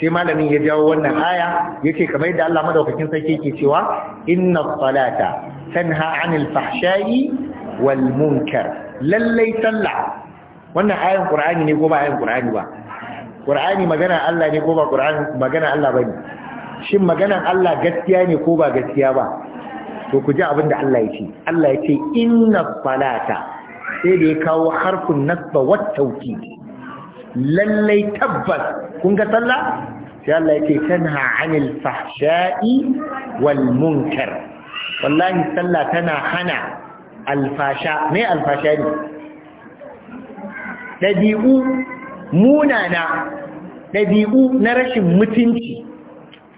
sai malamin ya jawo wannan aya yace kamar yadda Allah madaukakin sarki yake cewa inna salata tanha 'anil fahsha'i wal munkar lallai sallah wannan ayan qur'ani ne ko ba ayan qur'ani ba qur'ani magana Allah ne ko ba qur'ani magana Allah bane shin maganan Allah gaskiya ne ko ba gaskiya ba to ku ji abin da Allah ya ce Allah ya ce inna salata sai da ya kawo harfin nasba wat tawkid lallai tabbas kun ga sallah sai Allah yake tanha anil fahsha'i wal munkar wallahi sallah tana hana alfasha me alfasha ne dabi'u munana dabi'u na rashin mutunci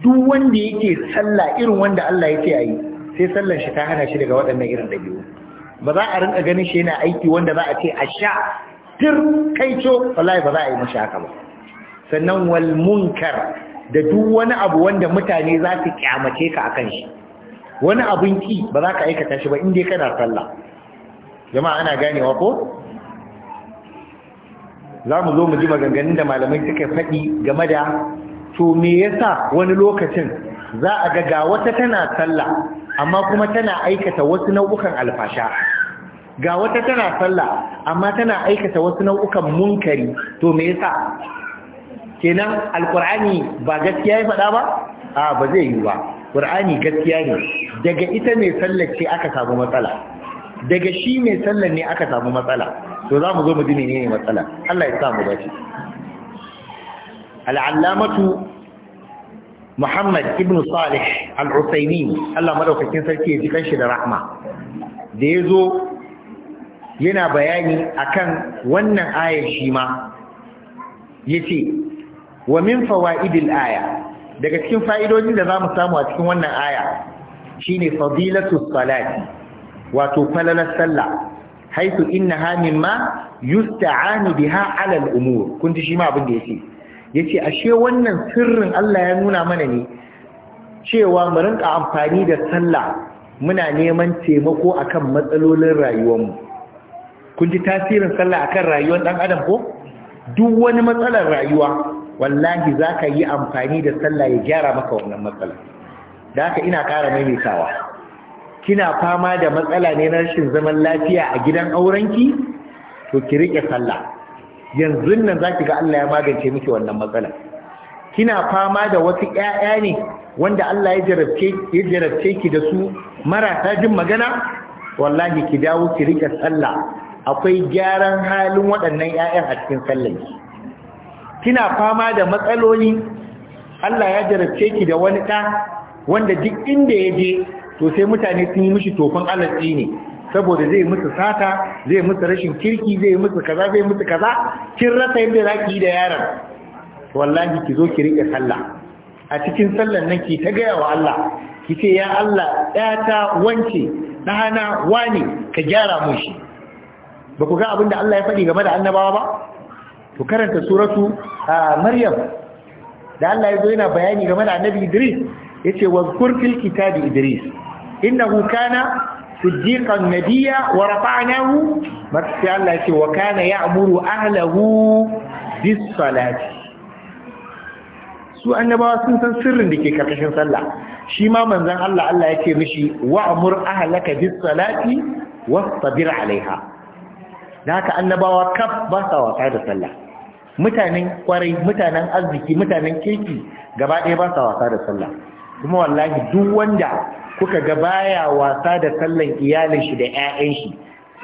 duk wanda yake sallah irin wanda Allah yake yi sai sallar shi ta hana shi daga waɗannan irin dabi'u ba za a rinka ganin shi yana aiki wanda za a ce a sha tir kaico wallahi ba za a yi mashi haka ba sannan wal munkar da duk wani abu wanda mutane za su kyamace ka akan shi wani abin ki ba za ka aikata shi ba in dai kana sallah jama'a ana ganewa ko za mu zo mu ji maganganun da malamai suka faɗi game da to me yasa wani lokacin za a ga ga wata tana sallah amma kuma tana aikata wasu nau'ukan alfasha ga wata tana sallah amma tana aikata wasu nau'ukan munkari to me yasa kenan alqur'ani ba gaskiya ya faɗa ba a ba zai yi ba qur'ani gaskiya ne daga ita mai sallar ce aka samu matsala daga shi mai sallar ne aka samu matsala to za mu zo mu ji ne matsala Allah ya sa mu dace al'allamatu Muhammad ibn Salih al-Usaini Allah madaukakin sarki ya ji kanshi da rahma da ya zo. yana bayani akan wannan ayar shi ma yace wa min fawaidil aya daga cikin fa'idodin da zamu samu a cikin wannan aya shine fadilatu salati wato falalar sallah haitu innaha mimma yusta'anu biha 'ala al-umur kun ji shi ma abin da yake yace ashe wannan sirrin Allah ya nuna mana ne cewa mu rinka amfani da sallah muna neman taimako akan matsalolin rayuwarmu kun ji tasirin sallah akan rayuwar ɗan adam ko duk wani matsalar rayuwa wallahi zaka yi amfani da sallah ya gyara maka wannan matsala da haka ina ƙara maimaitawa kina fama da matsala ne na rashin zaman lafiya a gidan aurenki to ki rike sallah yanzu nan zaki ga Allah ya magance miki wannan matsala kina fama da wasu ƴaƴa ne wanda Allah ya jarabce ya jarabce ki da su marasa jin magana wallahi ki dawo ki rike sallah akwai gyaran halin waɗannan 'ya'yan a cikin ki kina fama da matsaloli Allah ya jarabce ki da wani ɗa wanda duk inda ya je to sai mutane sun yi mishi tofin alatsi ne saboda zai musu sata zai musu rashin kirki zai musu kaza zai musu kaza kin rasa yadda za ki yi da yaron wallahi ki zo ki riƙe sallah a cikin sallar nan ki ta gaya wa Allah ki ce ya Allah ɗata wance ɗana wane ka gyara mun shi ba ku ga abin da Allah ya faɗi game da annabawa ba ku karanta suratu maryam da Allah ya zo yana bayani game da annabi Idris ce wazkur fil kitabi Idris inna kana siddiqan Nabiya wa rafa'nahu maka Allah ce wa kana ya'muru ahlahu bis salati su annabawa sun san sirrin da ke karkashin sallah shi ma manzon Allah Allah yace mishi wa'mur ahlaka bis salati wastabir alaiha da haka annabawa kaf ba sa wasa da sallah mutanen kwarai mutanen arziki mutanen kirki gaba ɗaya ba sa wasa da sallah kuma wallahi duk wanda kuka ga baya wasa da sallan iyalin shi da ƴaƴan shi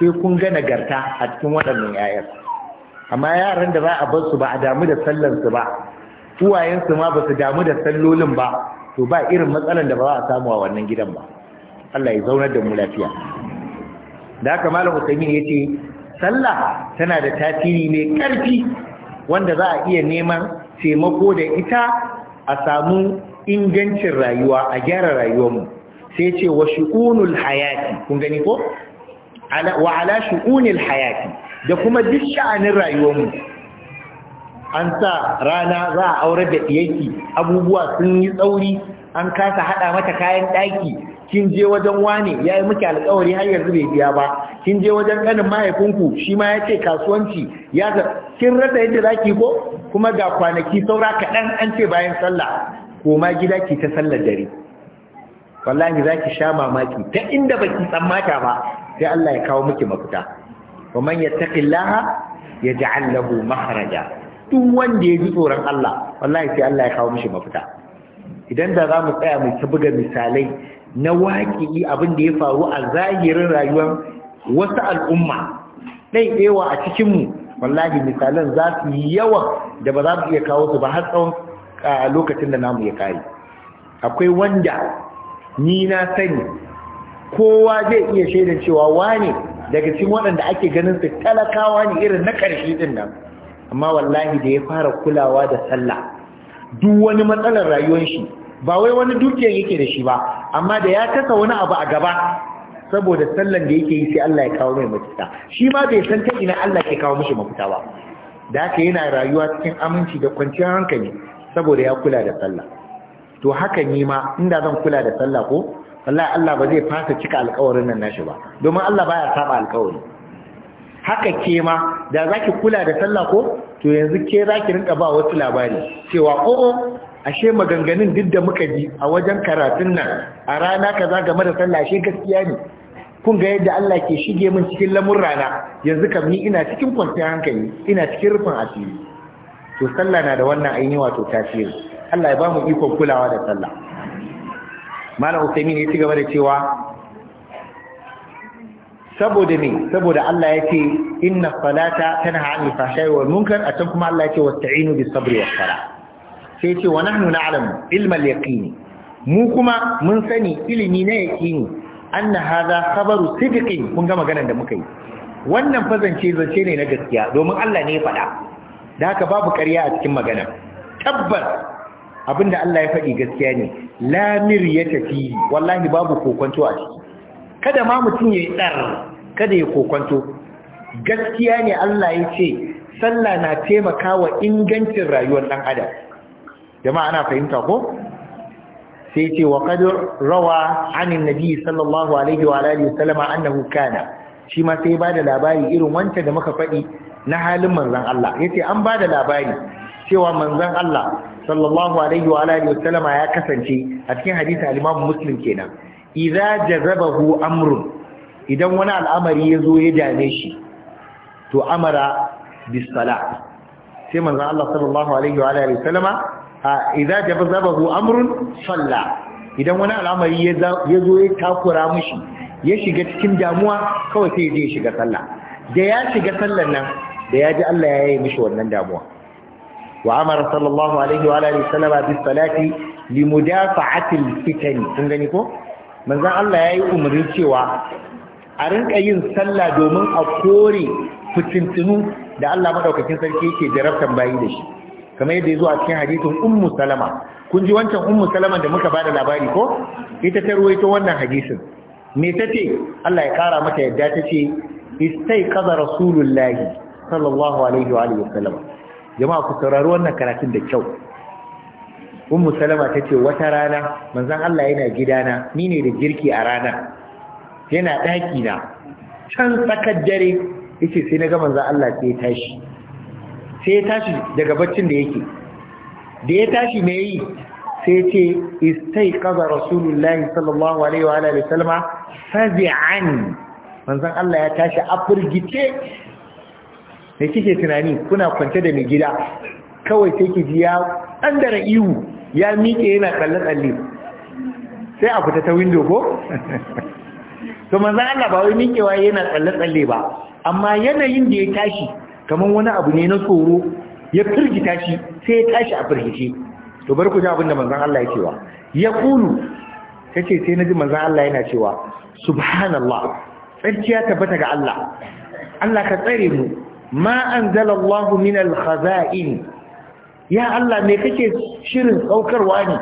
sai kun ga nagarta a cikin waɗannan ƴaƴan amma yaran da za a bar su ba a damu da sallan su ba uwayen su ma ba su damu da sallolin ba to ba irin matsalan da ba za a samu a wannan gidan ba Allah ya zaunar da mu lafiya da haka malam Usaimin yace sallah tana da tasiri mai ƙarfi wanda za a iya neman taimako da ita a samu ingancin rayuwa a gyara rayuwarmu sai ce wa shu'unul hayati kun gani ko wa ala hayati da kuma duk sha'anin rayuwarmu an sa rana za a aure da ɗiyaki abubuwa sun yi tsauri an kasa haɗa mata kayan ɗaki kin je wajen wani ya yi miki alƙawari har yanzu bai biya ba kin je wajen ƙanin mahaifinku shi ma ya ce kasuwanci ya ga kin rasa yadda za ki ko kuma ga kwanaki saura kaɗan an ce bayan sallah koma gida ki ta sallar dare wallahi za ki sha mamaki ta inda baki tsammata ba sai Allah ya kawo miki mafita wa man yattaqillaha yaj'al lahu makhraja duk wanda ya ji tsoron Allah wallahi sai Allah ya kawo mishi mafita idan da za mu tsaya mu ta buga misalai na waƙi abin da ya faru a zahirin rayuwar wasu al'umma ɗai ɗewa a cikinmu wallahi misalan za su yi yawa da ba za su iya kawo su ba har tsawon lokacin da namu ya kare akwai wanda ni na sani kowa zai iya shaidan cewa wane daga cikin waɗanda ake ganin su talakawa ne irin na ƙarshe ɗin nan amma wallahi da ya fara kulawa da sallah duk wani matsalar rayuwar shi ba wai wani dukiyar yake da shi ba amma da ya kasa wani abu a gaba saboda sallan da yake yi sai Allah ya kawo mai mafita shi ma bai san ta ina Allah ke kawo mishi mafita ba da haka yana rayuwa cikin aminci da kwanciyar hankali saboda ya kula da sallah to haka ni ma inda zan kula da sallah ko wallahi Allah ba zai fasa cika alƙawarin nan nashi ba domin Allah baya saba alƙawari haka ke ma da zaki kula da sallah ko to yanzu ke zaki rinka ba wasu labari cewa o'o oh, oh, ashe maganganun duk da muka ji a wajen karatun nan a rana kaza game da sallah ashe gaskiya ne kun ga yadda Allah ke shige min cikin lamun rana yanzu kam ni ina cikin kwanciyar hankali ina cikin rufin asiri to sallah na da wannan ainihi wato tasiri Allah ya ba mu ikon kulawa da sallah malam usaimi ne ci gaba da cewa saboda ne saboda Allah ya ce inna salata tanha anil fahsha'i wal munkar a can kuma Allah ya ce wasta'inu bis sabri was salah sai ce wa nahnu na'lamu ilmal yaqini mu kuma mun sani ilimi na yaqini anna hadha khabaru sidqin kun ga maganar da muka yi wannan fazance zance ne na gaskiya domin Allah ne ya faɗa da haka babu ƙarya a cikin magana tabbas abinda Allah ya faɗi gaskiya ne la miryata fi wallahi babu kokonto a ciki kada ma mutum ya yi dar kada ya kokonto gaskiya ne Allah ya ce sallah na taimakawa ingancin rayuwar ɗan adam jama'a ana fahimta ko sai ce wa qad rawa anin nabi sallallahu alaihi wa alihi wasallama annahu kana shi ma sai ba da labari irin wancan da muka faɗi na halin manzon Allah yace an ba da labari cewa manzon Allah sallallahu alaihi wa alihi wasallama ya kasance a cikin hadisi al-Imam Muslim kenan idza jazabahu amrun idan wani al'amari ya zo ya dame shi to amara bis sala sai manzon Allah sallallahu alaihi wa alihi wasallama a idza jabazabahu amrun salla idan wani al'amari ya zo ya takura mushi ya shiga cikin damuwa kawai sai ya shiga sallah da ya shiga sallan nan da ya ji Allah ya yi mishi wannan damuwa wa amara sallallahu alaihi wa alihi sallama bis salati li mudafa'atil fitani kun gani ko manzon Allah ya yi umarni cewa a rinka yin sallah domin a kore fitintunu da Allah madaukakin sarki yake jarabtan bayi da shi kamar yadda ya zo a cikin hadisin ummu salama kun ji wancan ummu salama da muka bada labari ko ita ta ruwaito wannan hadisin me tace Allah ya kara mata yadda tace kaza rasulullahi sallallahu alaihi wa alihi wasallam jama'a ku saurari wannan karatun da kyau ummu salama tace wata rana manzon Allah yana gidana ni ne da girki a rana yana daki na can tsakar dare yace sai na ga manzon Allah sai tashi sai ya tashi daga baccin da yake da ya tashi mai yi sai ce istai kaza rasulullahi sallallahu alaihi wa alihi wasallama fazi'an manzon Allah ya tashi a firgice me kike tunani kuna kwance da mai gida kawai sai ki ji ya ɗandara ihu ya miƙe yana tsalle tsalle sai a fita ta window ko to manzon Allah ba wai miƙewa yana tsalle tsalle ba amma yanayin da ya tashi kamar wani abu ne na tsoro ya firgita shi sai ya tashi a firgice to bar ku ji abin da manzon Allah ya cewa ya kulu ce sai naji manzon Allah yana cewa subhanallah tsarkiya tabbata ga Allah Allah ka tsare mu ma anzalallahu min alhazain. ya Allah me kake shirin saukarwa ne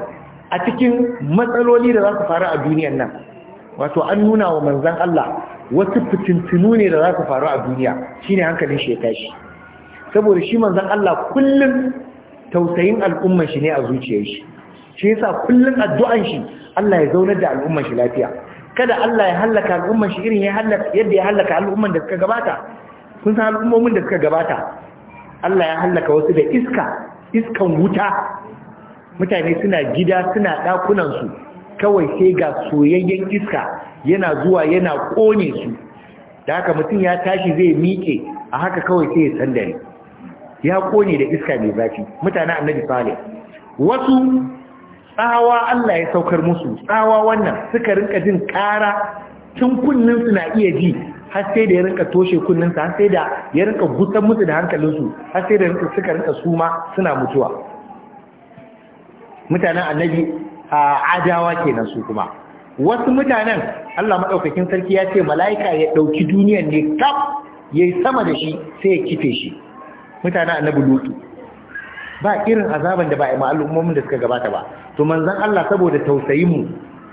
a cikin matsaloli da za su faru a duniyar nan wato an nuna wa manzon Allah wasu fitintunu ne da za su faru a duniya shine hankalin shi ya tashi saboda shi manzan Allah kullum tausayin al'umman shi ne a zuciyar shi shi yasa kullum addu'an shi Allah ya zaunar da al'umman shi lafiya kada Allah ya hallaka al'umman shi irin yadda ya hallaka al'umman da suka gabata kun san al'ummomin da suka gabata Allah ya hallaka wasu da iska iskan wuta mutane suna gida suna ɗakunansu kawai sai ga soyayyen iska yana zuwa yana ƙone su da haka mutum ya tashi zai miƙe a haka kawai sai ya sandare ya kone da iska mai zafi mutane annabi salih wasu tsawa Allah ya saukar musu tsawa wannan suka rinka jin ƙara tun kunninsu na iya ji har sai da ya rinka toshe kunninsu har sai da ya rinka gusan musu da hankalinsu har sai da suka rinka suma suna mutuwa mutanen annabi adawa kenan su kuma wasu mutanen Allah madaukakin sarki ya ce mala'ika ya ɗauki duniyar ne kaf yayi sama da shi sai ya kife shi mutanen annabi lutu ba irin azaban da ba a al'ummomin da suka gabata ba to manzon Allah saboda tausayin mu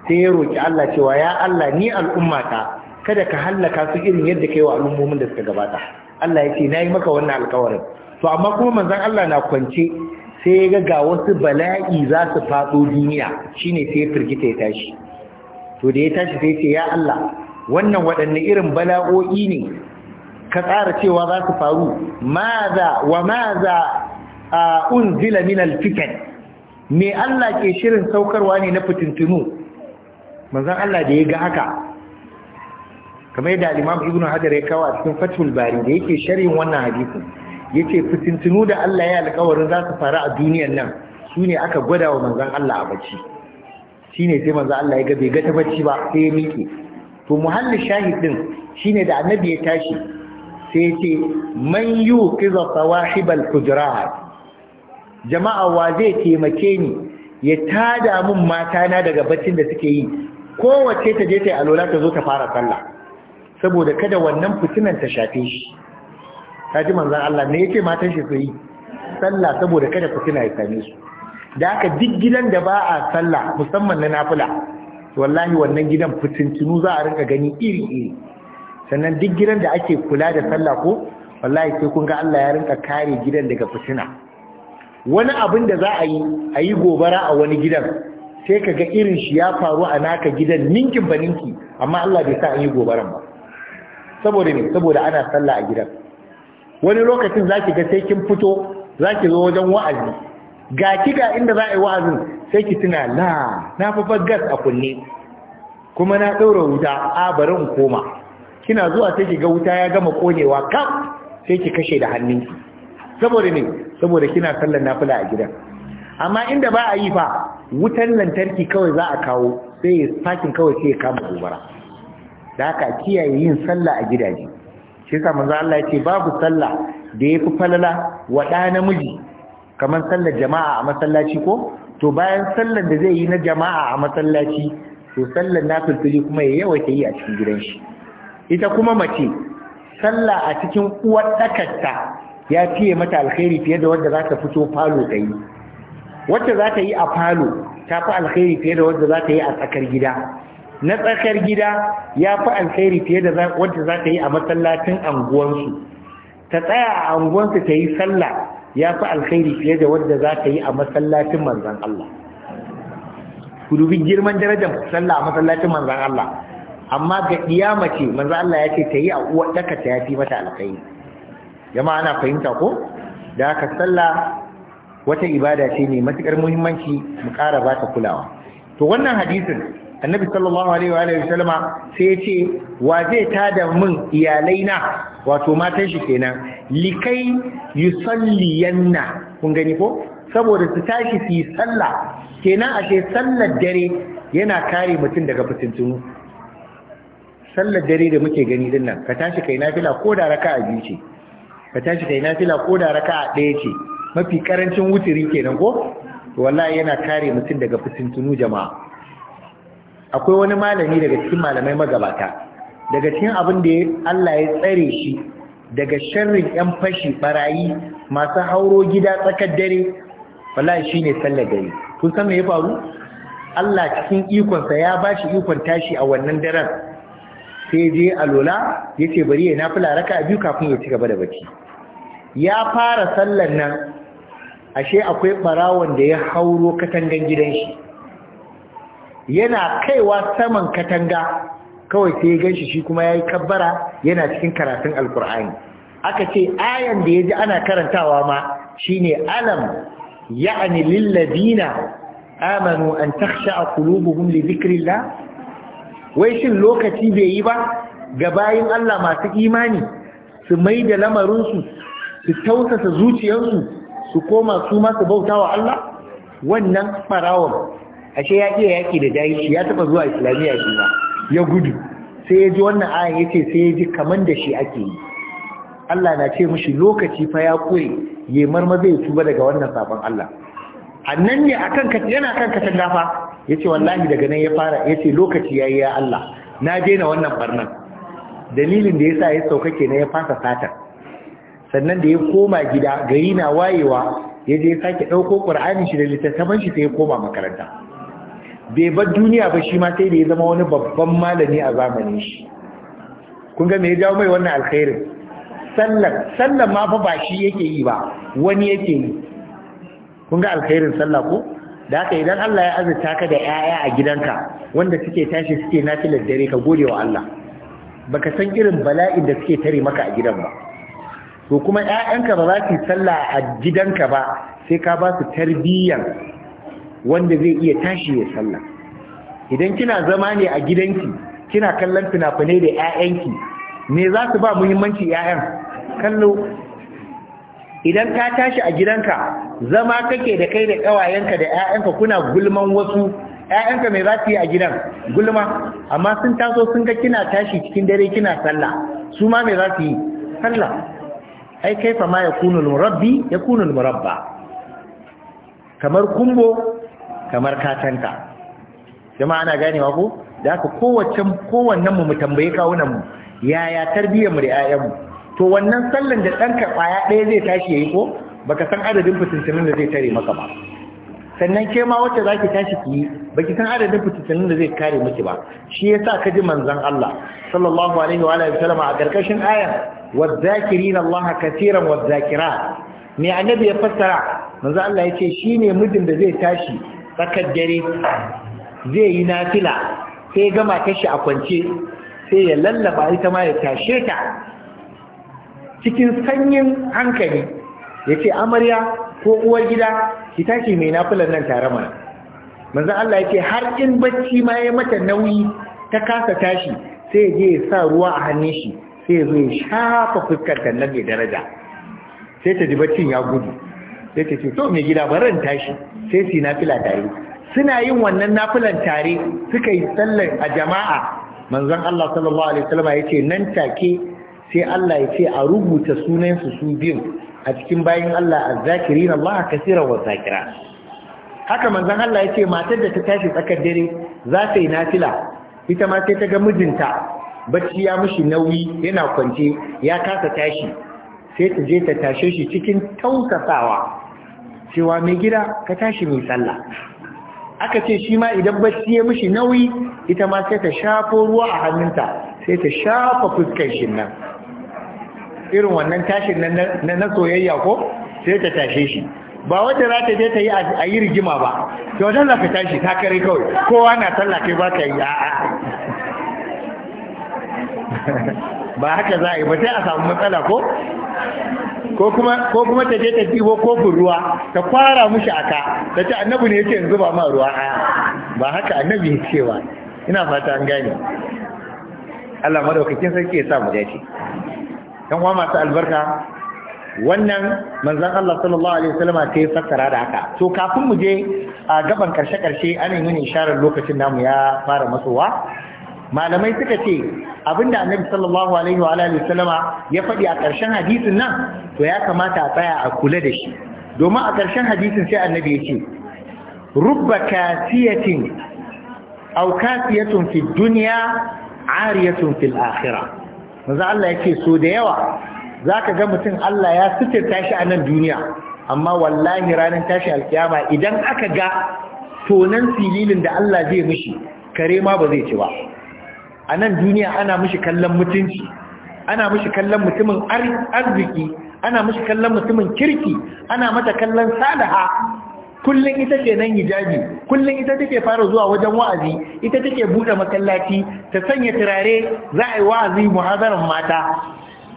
sai ya roki Allah cewa ya Allah ni al'ummata kada ka hallaka su irin yadda kai wa al'ummomin da suka gabata Allah ya ce na yi maka wannan alƙawarin to amma kuma manzon Allah na kwance sai ya ga wasu bala'i za su faɗo duniya shine sai ya firgita ya tashi to da ya tashi sai ce ya Allah wannan waɗanne irin bala'o'i ne ka tsara cewa za su faru maza wa maza a unzila min alfitan me Allah ke shirin saukarwa ne na fitintunu manzon Allah da ya ga haka kamar yadda al-Imam Ibn Hajar ya kawo a cikin Fathul Bari da yake sharhin wannan hadisin yace fitintunu da Allah ya alƙawarin za su faru a duniyan nan su ne aka gwada wa manzan Allah a bacci ne sai manzan Allah ya ga bai ga ta bacci ba sai ya miƙe to muhalli shahid din ne da annabi ya tashi sai ya ce man yuqiza sawahibal kujra jama'a wa zai taimake ni ya tada mun mata na daga baccin da suke yi kowace ta je ta yi alola ta zo ta fara sallah saboda kada wannan fitinan ta shafe shi ta ji manzan Allah ne yake matan shi su yi sallah saboda kada fitina ya same su da aka duk gidan da ba a sallah musamman na nafula, wallahi wannan gidan fitintinu za a rinka gani iri iri sannan duk gidan da ake kula da sallah ko wallahi sai kun ga Allah ya rinka kare gidan daga fitina wani abin da za a yi a yi gobara a wani gidan sai ka ga irin shi ya faru a naka gidan ninkin ba ninki amma Allah bai sa an yi gobaran ba saboda ne saboda ana sallah a gidan wani lokacin za ki ga sai kin fito za ki zo wajen wa'azi ga ki ga inda za a yi wa'azin sai ki tuna la na fa gas a kunne kuma na ɗaura wuta a bari in koma kina zuwa sai ki ga wuta ya gama konewa kaf sai ki kashe da hannunki saboda ne saboda kina sallan nafila a gidan amma inda ba a yi fa wutan lantarki kawai za a kawo sai fakin kawai sai ya kama gobara da haka kiyaye yin sallah a gidaje shi yasa manzo Allah ya ce babu sallah da yafi falala wa da namiji kamar sallar jama'a a masallaci ko to bayan sallar da zai yi na jama'a a masallaci to sallar nafilfili kuma ya yawaita yi a cikin gidan shi ita kuma mace sallah a cikin uwar ɗakarta ya fiye mata alkhairi fiye da wanda za ta fito falo ta yi wacce za ta yi a falo ta fi alkhairi fiye da wanda za ta yi a tsakar gida na tsakar gida ya fi alkhairi fiye da wadda za ta yi a masallacin anguwansu ta tsaya a anguwansu ta yi sallah ya fi alkhairi fiye da wadda za ta yi a masallacin manzan Allah ku girman darajar sallah a masallacin manzan Allah amma ga kiyama ce manzan Allah ya ce ta yi a uwa daga ta yafi mata alkhairi jama'a ana fahimta ko da aka sallah wata ibada ce ne matukar muhimmanci mu ƙara ba ta kulawa to wannan hadisin annabi sallallahu alaihi wa sallama sai ya ce wa zai tada min iyalaina wato matan shi kenan likai yusalliyanna kun gani ko saboda su tashi su yi sallah kenan ashe sallar dare yana kare mutum daga fitintun sallar dare da muke gani din nan ka tashi kai nafila ko da raka'a biyu ce ka tashi kai nafila ko da raka'a ɗaya ce mafi karancin wuturi kenan ko wallahi yana kare mutum daga fitintunu jama'a akwai wani malami daga cikin malamai magabata daga cikin abin da Allah ya tsare shi daga sharrin yan fashi barayi masu hauro gida tsakar dare wallahi shine sallar dare kun san me ya faru Allah cikin ikonsa ya bashi ikon tashi a wannan daren sai je alola yace bari ya nafila raka biyu kafin ya ci gaba da bacci ya fara sallar nan ashe akwai barawon da ya hauro katangan gidan shi yana kaiwa saman katanga kawai sai ya ganshi shi kuma yayi kabbara yana cikin karatun alkur'ani aka ce ayan da ya ji ana karantawa ma shine alam ya'ni lil ladina amanu an takhsha qulubuhum li dhikrillah wai shin lokaci bai yi ba ga bayan Allah masu imani su mai da lamarinsu su tausasa zuciyarsu su koma su masu bauta wa Allah wannan farawon ashe ya iya yaki da da'ishi ya taba zuwa islamiyya shi ba ya gudu sai ya ji wannan ayan ce sai ya ji kamar da shi ake yi Allah na ce mushi lokaci fa ya kure ya marma zai tuba daga wannan sabon Allah annan ne akan ka yana kan katanga fa yace wallahi daga nan ya fara yace lokaci yayi ya Allah na daina wannan barnan dalilin da yasa ya sauka kenan ya fasa sata sannan da ya koma gida gari na wayewa ya je sake ɗauko ƙur'anin shi da littattafan shi sai ya koma makaranta bai bar duniya ba shi ma sai da ya zama wani babban malami a zamanin shi kun ga me ya jawo mai wannan alkhairin Sallan, sallan ma fa ba shi yake yi ba wani yake yi kun ga alkhairin sallah ko da haka idan Allah ya azurta ka da 'ya'ya a gidanka wanda suke tashi suke nafilar dare ka gode wa Allah baka san irin bala'in da suke tare maka a gidan ba to kuma 'ya'yanka ba za su sallah a gidanka ba sai ka ba su tarbiyyan wanda zai iya tashi ya sallah idan kina zama ne a gidanki kina kallon fina-finai da 'ya'yanki me za su ba muhimmanci 'ya'yan kallo idan ka tashi a gidanka zama kake da kai da ƙawayenka da 'ya'yanka kuna gulman wasu 'ya'yanka mai za su yi a gidan gulma amma sun taso sun ga kina tashi cikin dare kina salla su ma mai za su yi sallah ai kaifa ma ya kunul murabbi ya kunul murabba kamar kumbo kamar katanka jama'a ana ganewa ko da haka kowace kowannen mu mu tambaye kawunan mu yaya tarbiyyar mu da ƴaƴan mu to wannan sallan da ka kwaya ɗaya zai tashi yayi ko baka san adadin fitintunin da zai tare maka ba sannan ke ma wacce zaki tashi ki yi baki san adadin fitintunin da zai kare miki ba shi yasa ka ji manzon Allah sallallahu alaihi wa alihi wasallam a karkashin ayan wadh-dhakirin Allah katiran wadh-dhakirat me annabi ya fassara manzon Allah yace shine mijin da zai tashi tsakar dare zai yi nafila sai gama kashi a kwance sai ya lallaba ita ma ya tashe ta cikin sanyin hankali ya ce amarya ko uwar gida ki tashi mai nafilan nan tare mana manzan Allah ya ce har in bacci ma ya mata nauyi ta kasa tashi sai je ya sa ruwa a hannun shi sai ya zo ya shafa fuskar nan mai daraja sai ta ji baccin ya gudu sai ta ce to mai gida barin tashi sai su yi nafila tare suna yin wannan nafilan tare suka yi sallar a jama'a manzon Allah sallallahu alaihi wasallam ya ce nan take sai Allah ya ce a rubuta sunan su su biyu a cikin bayin Allah azzakirin Allah kaseeran wa zakira haka manzon Allah ya ce matar da ta tashi tsakar dare za ta yi nafila ita ma sai ta ga mijinta bacci ya mishi nauyi yana kwance ya kasa tashi sai ta je ta tashe shi cikin tausasawa cewa mai gida ka tashi mai sallah aka ce shi ma idan bacci ya mishi nauyi ita ma sai ta shafo ruwa a hannunta sai ta shafa fuskar shi nan irin wannan tashin na na soyayya ko sai ta tashe shi ba wata za ta je ta yi a yi rigima ba ta wajen za ka tashi ta kare kawai kowa na talla kai ba ka yi a ba haka za a yi ba sai a samu matsala ko ko kuma ta je ta ko kofin ruwa ta kwara mushi aka ta ce annabi ne yake in zuba ma ruwa a ba haka annabi ya ce ba ina fata an gane Allah madaukakin sarki ya sa mu dace dan uwa masu albarka wannan manzon Allah sallallahu alaihi wasallam ta yi fassara da haka to kafin mu je a gaban karshe karshe an yi mini isharar lokacin namu ya fara masowa malamai suka ce abinda annabi sallallahu alaihi wa alihi sallama ya faɗi a ƙarshen hadisin nan to ya kamata a tsaya a kula da shi domin a ƙarshen hadisin sai annabi ya ce rubba kasiyatin aw kasiyatun fi dunya ariyatun fil akhirah manzo Allah yake so da yawa zaka ga mutum Allah ya suturta shi a nan duniya amma wallahi ranar tashi alkiyama idan aka ga tonan sililin da Allah zai mishi kare ma ba zai ci ba a nan duniya ana mishi kallon mutunci ana mishi kallon mutumin arziki ana mishi kallon mutumin kirki ana mata kallon salaha kullum ita ce nan hijabi kullum ita take fara zuwa wajen wa'azi ita take bude makallaci, ta sanya turare za a yi wa'azi muhazaran mata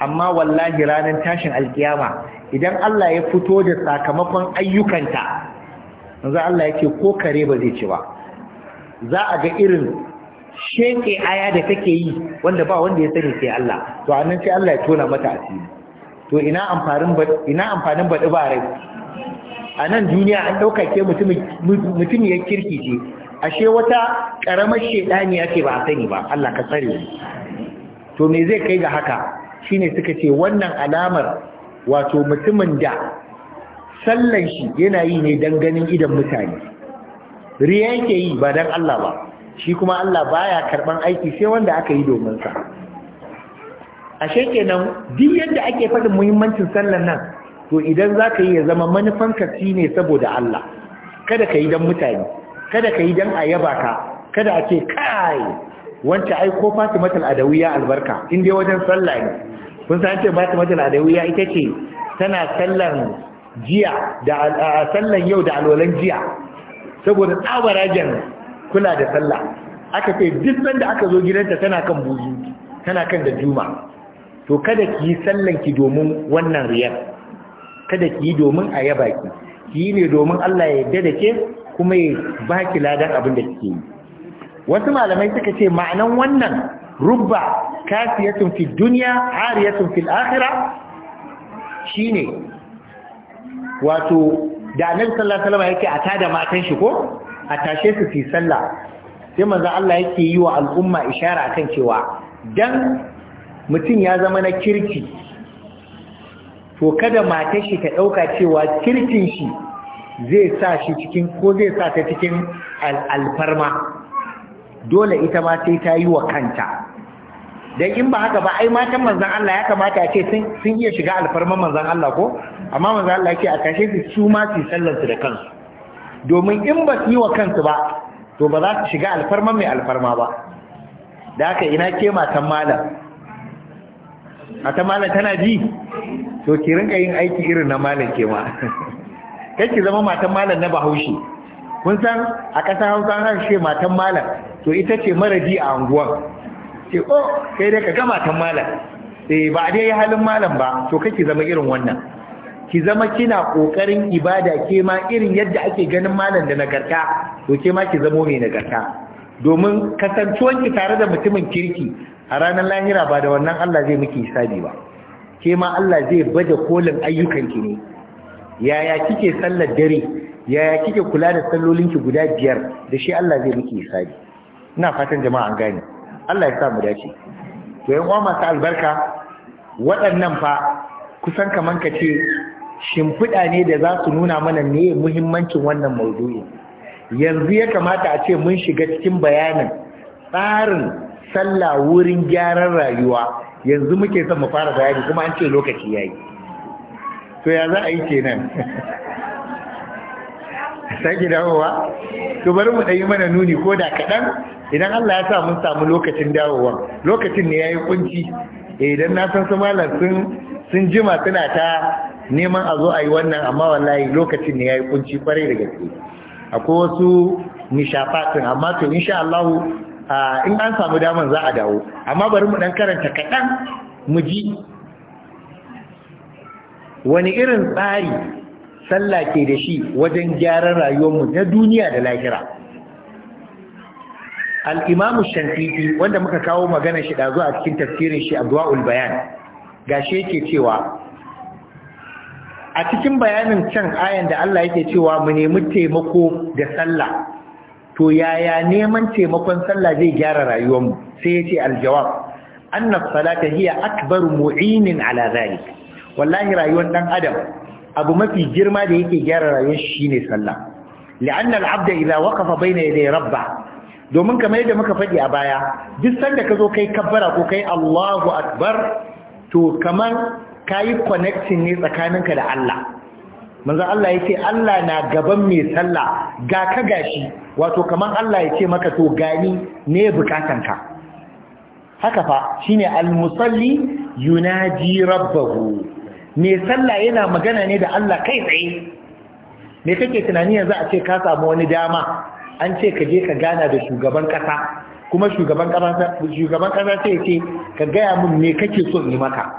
amma wallahi ranar tashin alkiyama idan Allah ya fito da sakamakon ayyukanta za Allah ya ce ko kare ba zai ci ba za a ga irin sheke aya da take yi wanda ba wanda ya sani sai Allah to annan sai Allah ya tona mata asiri to ina amfanin ina amfanin ba dubare a nan duniya an dauka ke mutum ya kirki ce ashe wata karamar shedani yake ba sani ba Allah ka tsare to me zai kai ga haka shine suka ce wannan alamar wato mutumin da sallan shi yana yi ne dan ganin idan mutane riya yake yi ba dan Allah ba shi kuma Allah baya karban aiki sai wanda aka yi domin sa ashe kenan duk yadda ake faɗin muhimmancin sallar nan to idan zaka yi ya zama manufan ka shine saboda Allah kada ka yi dan mutane kada ka yi dan yaba ka kada a ce kai wanda ai ko Fatimatul Adawiya albarka in dai wajen sallah ne kun san ce Fatimatul Adawiya ita ce tana sallar jiya da sallar yau da alwalan jiya saboda tsabarajen kula da sallah aka ce duk sanda aka zo gidanta tana kan buzu tana kan da juma to kada ki yi ki domin wannan riyar kada ki yi domin a yaba ki ki yi ne domin Allah ya yarda da ke kuma ya baki ladan abin da kike yi wasu malamai suka ce ma'anan wannan rubba kasiyatun fi dunya ariyatun fil akhirah shine wato da annabi sallallahu alaihi wasallam yake a tada matan shi ko a tashe su fi sallah sai manzo Allah yake yi wa al'umma ishara akan cewa dan mutum ya zama na kirki to kada matar shi ta dauka cewa kirkin shi zai sa shi cikin ko zai sa ta cikin alfarma dole ita ma sai ta yi wa kanta dan in ba haka ba ai matan manzon Allah ya kamata a ce sun iya shiga alfarman manzon Allah ko amma manzon Allah yake a kashe su su ma su sallar su da kansu domin in ba su yi wa kansu ba to ba za su shiga alfarma mai alfarma ba da aka ina ke matan malam matan malam tana ji to ki rinka yin aiki irin na malam ke ma kai ki zama matan malam na bahaushe kun san a ƙasar hausa har ce matan malam to ita ce mara ji a anguwan ce o oh, kai dai ka ga matan malam eh ba dai halin malam ba to ke zama irin wannan ki zama kina kokarin ibada ke ma irin yadda ake ganin malam da nagarta to ke ma ki zama mai nagarta domin kasantuwan ki tare da mutumin kirki a ranar lahira ba da wannan Allah zai miki hisabi ba ke ma Allah zai baje kolin ayyukan ki ne yaya kike sallar dare yaya kike kula da sallolin guda biyar da shi Allah zai miki hisabi ina fatan jama'a an gane Allah ya sa mu dace to yan uwa masu albarka waɗannan fa kusan kaman ka ce shimfiɗa ne da za su nuna mana ne muhimmancin wannan maudu'i yanzu ya kamata a ce mun shiga cikin bayanin tsarin sallah wurin gyaran rayuwa yanzu muke son mu fara bayani kuma an ce lokaci yayi to ya za a yi kenan sake dawowa to bari mu ɗayi mana nuni ko da kaɗan idan Allah ya sa mun samu lokacin dawowa lokacin ne ya yi kunci idan eh, na san su malam sun sun jima suna ta neman a zo a yi wannan amma wallahi lokacin ne ya yi kunci kwarai da gaske akwai wasu nishafatin amma to insha Allah in an samu daman za a dawo amma bari mu dan karanta kaɗan mu ji wani irin tsari sallah ke da shi wajen gyaran rayuwarmu na duniya da lahira al-imamu wanda muka kawo magana shi ɗazu a cikin tafsirin shi adwa'ul bayan gashi yake cewa a cikin bayanin can ayan da Allah yake cewa mu nemi taimako da sallah to yaya neman taimakon sallah zai gyara rayuwarmu sai yace aljawab anna salata hiya akbar mu'inin ala zalik wallahi rayuwar dan adam abu mafi girma da yake gyara rayuwar shi shine sallah li'anna al'abda idza waqafa bayna yaday rabba domin kamar yadda muka faɗi a baya duk sanda ka zo kai kabbara ko kai Allahu akbar to kamar kayi connection ne tsakaninka da Allah manzo Allah yace Allah na gaban mai sallah ga ka gashi wato kamar Allah yace maka to gani ne bukatanka haka fa shine al-musalli yunaji rabbahu mai sallah yana magana ne da Allah kai tsaye me kake tunani yanzu a ce ka samu wani dama an ce ka je ka gana da shugaban kasa kuma shugaban kasa shugaban kasa sai ce ka gaya mun me kake so in maka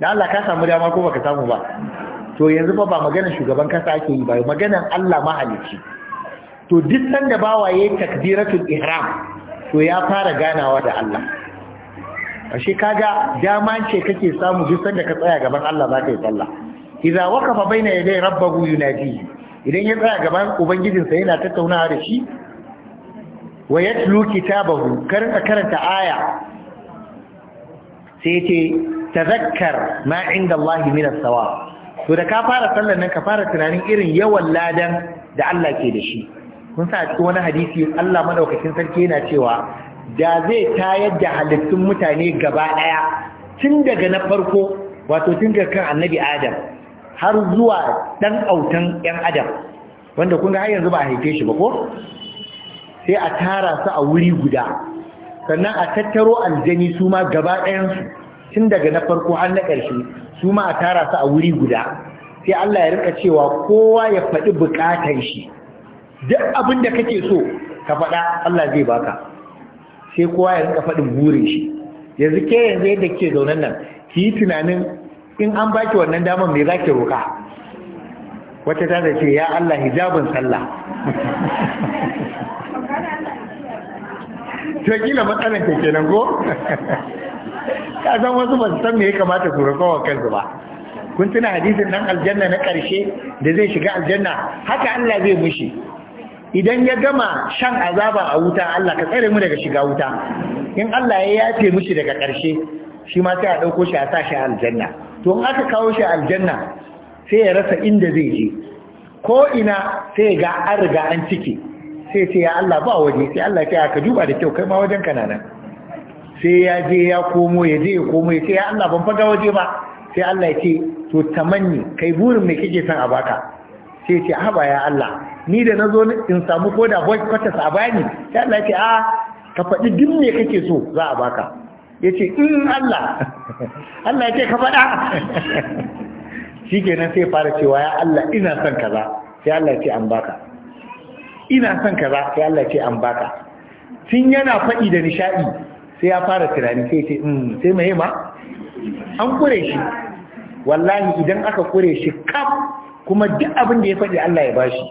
da Allah ka samu dama ko baka samu ba to yanzu fa ba magana shugaban kasa ake yi ba magana Allah mahalicci to duk sanda bawa yayi takbiratul ihram to ya fara ganawa da Allah ashe kaga dama ce kake samu duk sanda ka tsaya gaban Allah zaka yi sallah idza waqafa baina yaday rabbahu yunadihi idan ya tsaya gaban ubangijinsa yana tattaunawa da shi wa yatlu kitabahu karanta karanta aya sai ce tazakkar ma inda Allah min minar sawa to da ka fara sallar nan ka fara tunanin irin yawan ladan da Allah ke da shi kun sa a cikin wani hadisi Allah madaukakin sarki yana cewa da zai tayar da halittun mutane gaba daya tun daga na farko wato tun daga kan annabi Adam har zuwa ɗan autan 'yan adam wanda kun ga har yanzu ba a haife shi ba ko sai a tara su a wuri guda sannan a tattaro aljani su ma gaba ɗayansu tun daga na farko har na ƙarshe su ma a tara su a wuri guda sai Allah ya rika cewa kowa ya faɗi buƙatar shi duk abin da kake so ka faɗa Allah zai baka sai kowa ya rika faɗin burin shi yanzu ke yanzu yadda ke zaunan nan ki yi tunanin in an baki wannan daman me zaki roƙa, wata ta ce ya Allah hijabin sallah to kila matsalar ta kenan ko ka san wasu ba san me ya kamata su roƙa wa kansu ba kun tuna hadisin nan aljanna na ƙarshe da zai shiga aljanna haka Allah zai mushi idan ya gama shan azaba a wuta Allah ka tsare mu daga shiga wuta in Allah ya yafe mushi daga ƙarshe shi ma sai a ɗauko shi a sa shi aljanna to in aka kawo shi aljanna sai ya rasa inda zai je ko ina sai ga an riga an cike sai sai ya Allah ba waje sai Allah ya ka duba da kyau kai ma wajen ka nan sai ya je ya komo ya je ya komo ya ce ya Allah ban faga waje ba sai Allah ya ce to tamanni kai burin me kike son a baka sai ce ba ya Allah ni da nazo in samu koda boy kwata sabani sai Allah ya ce a ka faɗi duk me kake so za a baka ya ce in mm, Allah Allah ya ce ka faɗa shi kenan sai fara cewa ya Allah ina son kaza sai Allah ya ce an baka ina son kaza sai Allah ya ce an baka tun yana faɗi da nishaɗi sai ya fara tunani sai ce in mm, sai mai ma an kure shi wallahi idan aka kure shi kaf kuma duk abin da ya faɗi Allah ya bashi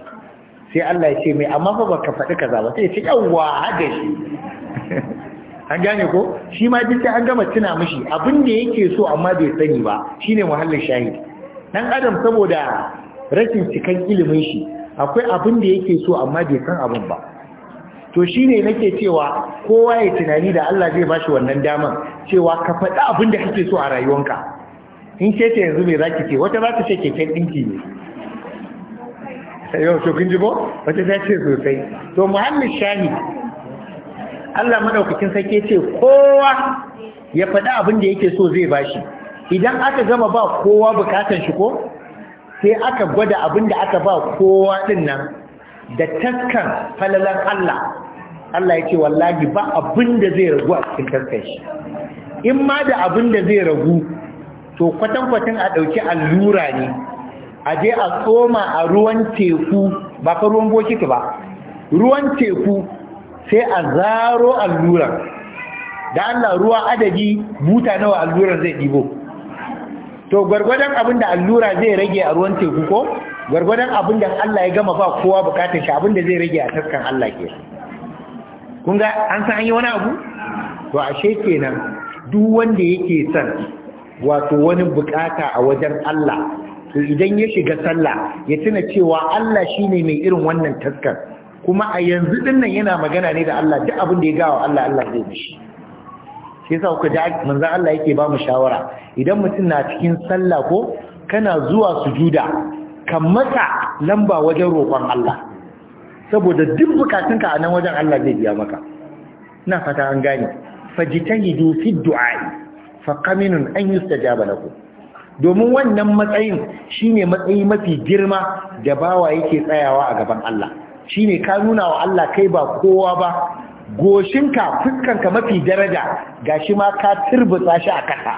sai Allah ya ce mai amma fa baka faɗi kaza ba sai ya ce yawwa haɗa shi an gane ko shi ma duk an gama tuna mishi abin da yake so amma bai sani ba shine muhallin shahid dan adam saboda rashin cikan ilimin shi akwai abin da yake so amma bai san abin ba to shine nake cewa kowa ya tunani da Allah zai bashi wannan daman cewa ka faɗi abin da kake so a rayuwanka in ce ta yanzu me zaki ce wata za ta ce keken dinki ne yau to kin ji ko wata ta ce sosai to muhallin shahid Allah madaukakin sarki ce kowa ya faɗi abin da yake so zai bashi idan aka gama ba kowa bukatan shi ko sai aka gwada abin da aka ba kowa din nan da taskan falalan Allah Allah ya ce wallahi ba abin da zai ragu a cikin taskan shi in ma da abin da zai ragu to kwatankwatan a ɗauki allura ne a je a tsoma a ruwan teku ba ka ruwan bokiti ba ruwan teku sai a zaro alluran da Allah ruwa adadi buta nawa alluran zai ɗibo to gwargwadon abin da allura zai rage a ruwan teku ko gwargwadon abin da Allah ya gama ba kowa bukatar shi abin da zai rage a taskan Allah ke kun ga an san an yi wani abu to ashe kenan duk wanda yake son wato wani bukata a wajen Allah to idan ya shiga sallah ya tuna cewa Allah shine mai irin wannan taskar kuma a yanzu dinnan yana magana ne da Allah duk abin da ya gawa Allah Allah zai mishi shi yasa kuka ji manzo Allah yake ba mu shawara idan mutum na cikin sallah ko kana zuwa sujuda kan mata lamba wajen roƙon Allah saboda duk ka a nan wajen Allah zai biya maka ina fata an gane fajitahidu fi du'a fa qaminun an yustajaba lakum domin wannan matsayin shine matsayi mafi girma da bawa yake tsayawa a gaban Allah Shi ne ka nuna wa Allah kai ba kowa ba goshinka fuskanka mafi daraja Ga shi ma ka turbutsa shi a kasa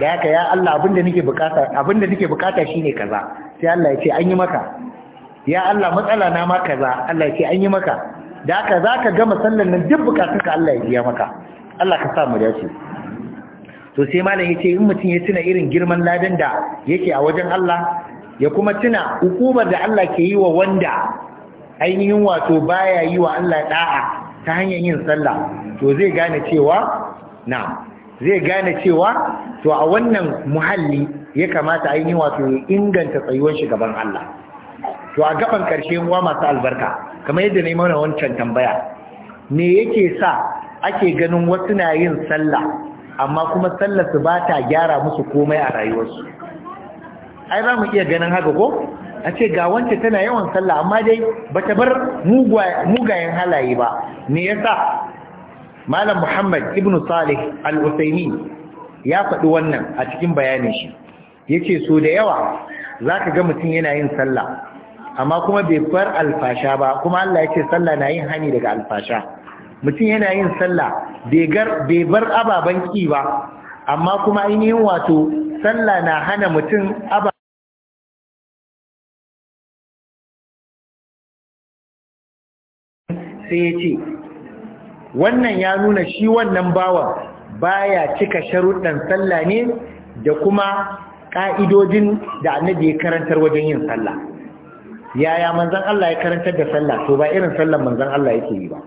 da ka ya Allah abinda nake bukata shi ne bukata kaza sai Allah ya ce an yi maka ya Allah matsala na ma kaza Allah ya ce an yi maka da haka ka gama sallan nan duk bukatunka Allah ya biya maka Allah ka sa mu dace to sai malam ce in mutum ya tuna irin girman ladan da yake a wajen Allah ya kuma tuna hukumar da Allah ke yi wa wanda ainihin wato baya yi wa Allah da'a ta hanyar yin sallah to zai gane cewa na zai gane cewa to a wannan muhalli ya kamata ainihin wato ya inganta tsayuwar shi gaban Allah to a gaban karshe wa masu albarka kamar yadda yi mana wancan tambaya me yake sa ake ganin wasu na yin sallah amma kuma sallar su ba ta gyara musu komai a rayuwarsu ai za mu iya ganin haka ko a ce ga wance tana yawan sallah amma dai ba ta bar mugayen halaye ba me sa malam muhammad Ibn salih al usaini ya faɗi wannan a cikin bayanin shi Ya ce so da yawa za ka ga mutum yana yin sallah amma kuma bai bar alfasha ba kuma Allah ya ce sallah na yin hani daga alfasha mutum yana yin sallah bai bar ababen ki ba amma kuma ainihin wato sallah na hana mutum aba sai ya ce wannan ya nuna shi wannan bawan baya cika sharuɗan sallah ne da kuma ƙa'idodin da annabi ya karantar wajen yin sallah yaya manzon Allah ya karantar da sallah to ba irin sallah manzon Allah yake yi ba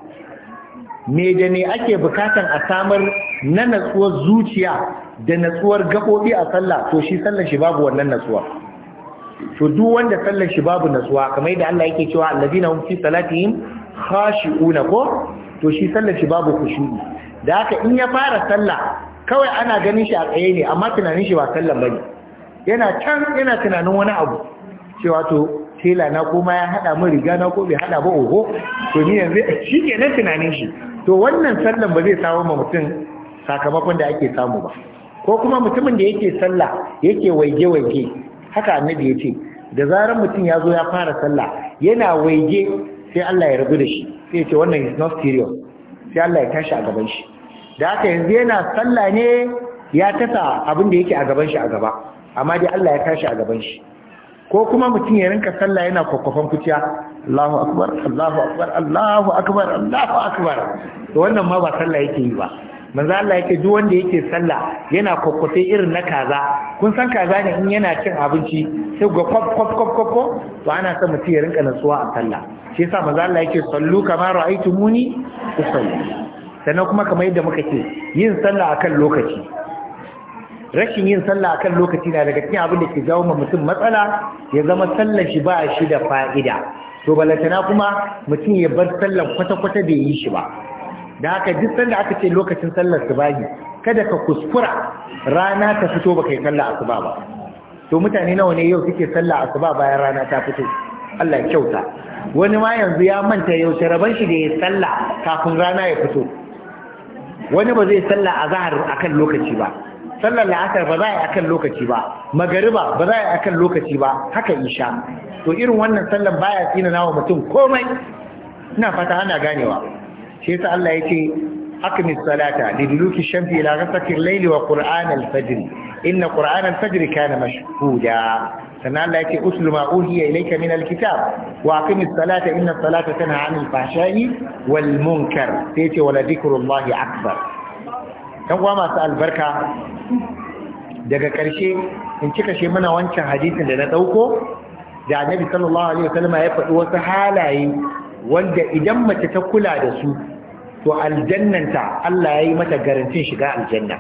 me da ne ake bukatan a samar na natsuwar zuciya da natsuwar gaɓoɓi a sallah to shi sallar shi babu wannan natsuwa to duk wanda sallar shi babu natsuwa kamar yadda Allah yake cewa allazina hum fi salatihim khashi'una ko to shi sallar shi babu khushu'i da haka in ya fara sallah kawai ana ganin shi a tsaye ne amma tunanin shi ba sallan bane yana can yana tunanin wani abu cewa to tela na kuma ya hada min riga na ko bai hada ba oho to ni yanzu shi ke nan tunanin shi to wannan sallan ba zai samu ma mutum sakamakon da ake samu ba ko kuma mutumin da yake sallah yake waige waige haka annabi ya ce da zarar mutum ya zo ya fara sallah yana waige sai Allah ya rabu da shi sai ya ce wannan is not serious sai Allah ya tashi a gaban shi da haka yanzu yana sallah ne ya tasa abin da yake a gaban shi a gaba amma dai Allah ya tashi a gaban shi ko kuma mutum ya rinka sallah yana kwakwafan kuciya Allahu akbar Allahu akbar Allahu akbar Allahu akbar to wannan ma ba sallah yake yi ba manzo Allah yake duk wanda yake sallah yana kokkote irin na kaza kun san kaza ne in yana cin abinci sai ga kop kop kop ko to ana son mutum ya rinka nutsuwa a sallah shi yasa manzo Allah yake sallu kama ra'aytumuni usalli sannan kuma kamar yadda muka ce yin sallah akan lokaci rashin yin sallah akan lokaci na daga cikin abin da ke jawo mutum matsala ya zama sallar shi ba shi da fa'ida to balatana kuma mutum ya bar sallar kwata-kwata bai yi shi ba da haka duk sanda aka ce lokacin sallar subahi kada ka kuskura rana ta fito baka yi sallar asuba ba to mutane nawa ne yau suke sallar asuba bayan rana ta fito Allah ya kyauta wani ma yanzu ya manta yau sharaban shi da ya sallah kafin rana ya fito wani ba zai sallah a zahar akan lokaci ba sallar la'asar ba za a yi akan lokaci ba magariba ba za a yi akan lokaci ba haka isha to irin wannan sallar baya tsina nawa mutum komai ina fata ana ganewa shi yasa Allah ya ce aqmis salata liduluki shamsi ila ghasaqil layli wa qur'an al-fajr inna qur'an al-fajr kana mashhuda sannan Allah ya ce uslu ma uhiya ilayka min al-kitab wa aqimis salata inna salata tanha 'anil fahsha'i wal munkar sai ce wala dhikrullahi akbar dan uwa masu albarka daga karshe in cika shi mana wancan hadisin da na dauko da annabi sallallahu alaihi wasallam ya faɗi wasu halaye wanda idan mace ta kula da su to aljannanta Allah ya yi mata garantin shiga aljanna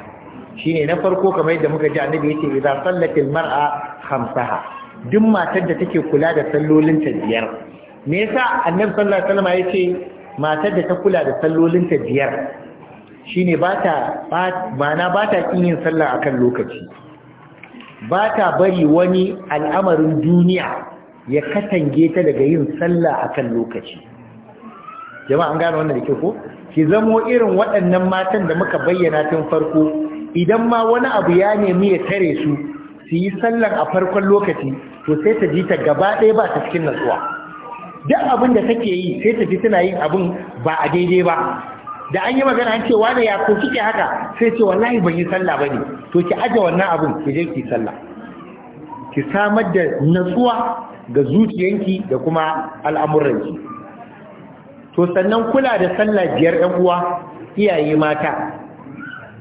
shine na farko kamar yadda muka ji annabi yace idza sallatil mar'a khamsaha duk matar da take kula da sallolin biyar me yasa annabi sallallahu alaihi wasallam yace matar da ta kula da sallolin biyar shine ba ta ma'ana ba ta kin yin sallah akan lokaci ba ta bari wani al'amarin duniya ya katange ta daga yin sallah akan lokaci jama'a an gane wannan da ke ko ki zamo irin waɗannan matan da muka bayyana tun farko idan ma wani abu ya nemi ya tare su su yi sallan a farkon lokaci to sai ta ji ta gaba ɗaya ba ta cikin nasuwa duk abin da take yi sai ta ji tana yin abin ba a daidai ba da an yi magana an ce wani ya ko kike haka sai ce wallahi ban yi sallah bane to ki aje wannan abin ki je ki sallah ki samar da natsuwa ga zuciyanki da kuma al'amuranki to sannan kula da sallah biyar ɗan uwa iyaye mata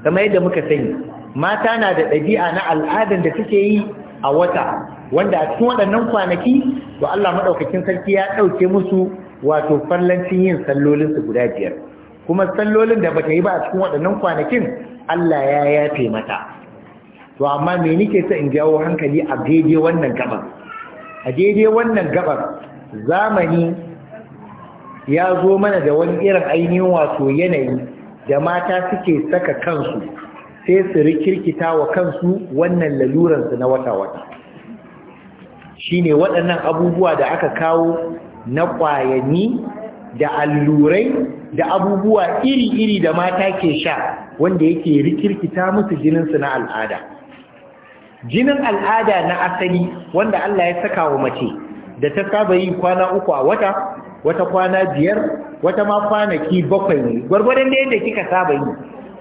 kamar yadda muka sani mata na da ɗabi'a na al'adan da suke yi a wata wanda a cikin waɗannan kwanaki to Allah maɗaukakin sarki ya ɗauke musu wato fallancin yin sallolin su guda biyar kuma sallolin da bata yi ba a cikin waɗannan kwanakin Allah ya yafe mata to amma me nake so in jawo hankali a daidai wannan gabar a daidai wannan gabar zamani ya zo mana da wani irin ainihin wato yanayi da mata suke saka kansu sai su rikirkita wa kansu wannan laluransu na wata-wata Shi ne waɗannan abubuwa da aka kawo na ƙwayani da allurai da abubuwa iri-iri da mata ke sha wanda yake rikirkita musu jininsu na al'ada jinin al'ada na asali wanda Allah ya saka wa mace da ta saba yi kwana uku a wata wata kwana biyar wata ma kwanaki bakwai ne gwargwadon da yadda kika saba yi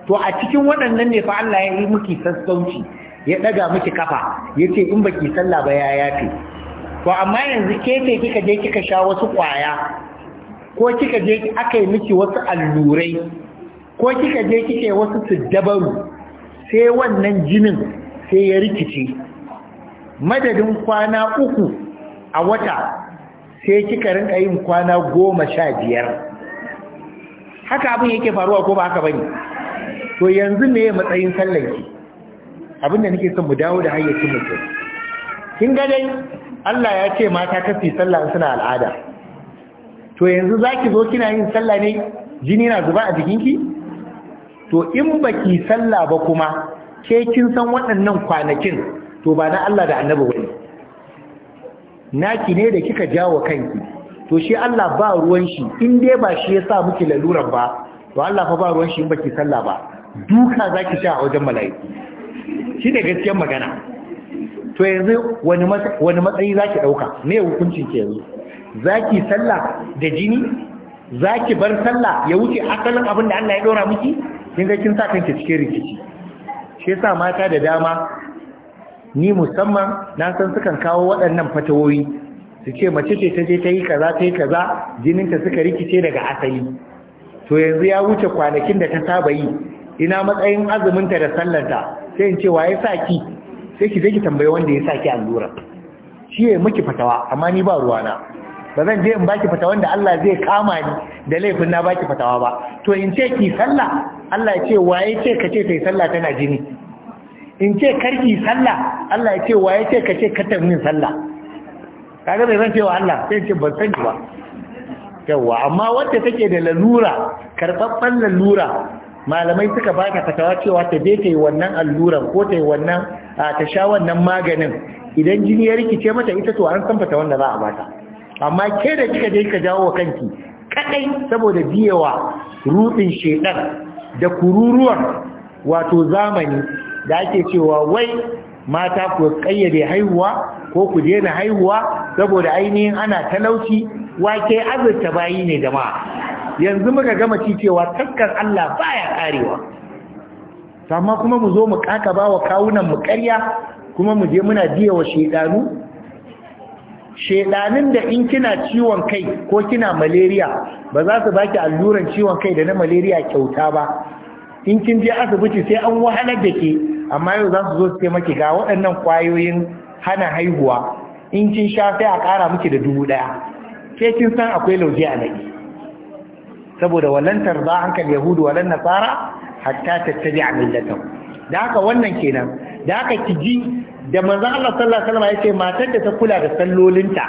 to a cikin waɗannan ne fa Allah ya yi miki sassauci ya ɗaga miki kafa ya ce in baki sallah ba ya yafe to amma yanzu ke ce kika je kika sha wasu kwaya, ko kika je aka yi miki wasu allurai ko kika je kike wasu tuddabaru sai wannan jinin sai ya rikice madadin kwana uku a wata sai kika rinka yin kwana goma sha biyar haka abin yake faruwa ko ba haka bane to yanzu me matsayin sallar ki abin da nake son mu dawo da hayyacin mu ke kin ga dai Allah ya ce mata kafi sallah suna al'ada to yanzu zaki zo kina yin sallah ne jini na zuba a jikinki to in baki sallah ba kuma ke kin san waɗannan kwanakin to ba na Allah da Annabi ne. naki ne da kika jawo kanki to shi Allah ba ruwan shi in dai ba shi ya sa miki lalurar ba to Allah fa ba ruwan shi in baki sallah ba duka zaki sha a wajen mala'iku shi ne gaskiyar magana to yanzu wani wani matsayi zaki dauka me hukuncin ke yanzu zaki sallah da jini zaki bar sallah ya wuce asalin abin da Allah ya dora miki kin ga kin sa kanki cikin rikici shi yasa mata da dama ni musamman na san sukan kawo waɗannan fatawoyi su ce mace ce ta je ta yi kaza ta yi kaza jininta suka rikice daga asali to yanzu ya wuce kwanakin da ta saba yi ina matsayin azuminta da sallanta sai in ce wa ya saki sai ki je ki tambayi wanda ya sa ki allura shi ya miki fatawa amma ni ba ruwana ba zan je in baki fatawan wanda Allah zai kama ni da laifin na baki fatawa ba to in ce ki sallah Allah ya ce waye ce ka ce yi sallah tana jini in ce karki sallah Allah ya ce wa ya ce ka ce ka min sallah kaga bai zan cewa Allah sai ce ban sani ba yawa amma wanda take da lalura karbabban lalura malamai suka ba ta fatawa cewa ta je ta yi wannan alluran ko ta yi wannan ta sha wannan maganin idan jini ya rikice mata ita to an san fata wanda za a bata amma ke da kika je ka jawo kanki kadai saboda biyewa ruɗin shedan da kururuwan, wato zamani da ake cewa wai mata ku kayyade haihuwa ko ku daina haihuwa saboda ainihin ana talauci wake azurta bayi ne da ma. yanzu muka gama ci cewa takkar Allah baya karewa amma kuma mu zo mu kaka ba wa kawunan mu ƙarya kuma mu je muna biya wa shedanu shedanin da in kina ciwon kai ko kina malaria ba za su baki alluran ciwon kai da na malaria kyauta ba in kin je asibiti sai an wahalar da ke amma yau za su zo su ce maki ga waɗannan kwayoyin hana haihuwa in kin sha sai a ƙara miki da dubu ɗaya ke kin san akwai lauje a nai saboda wallan tarza kan yahudu wallan nasara hatta tattabi a millatan da haka wannan kenan da haka ki ji da manzo Allah sallallahu alaihi wasallam ya matar da ta kula da sallolinta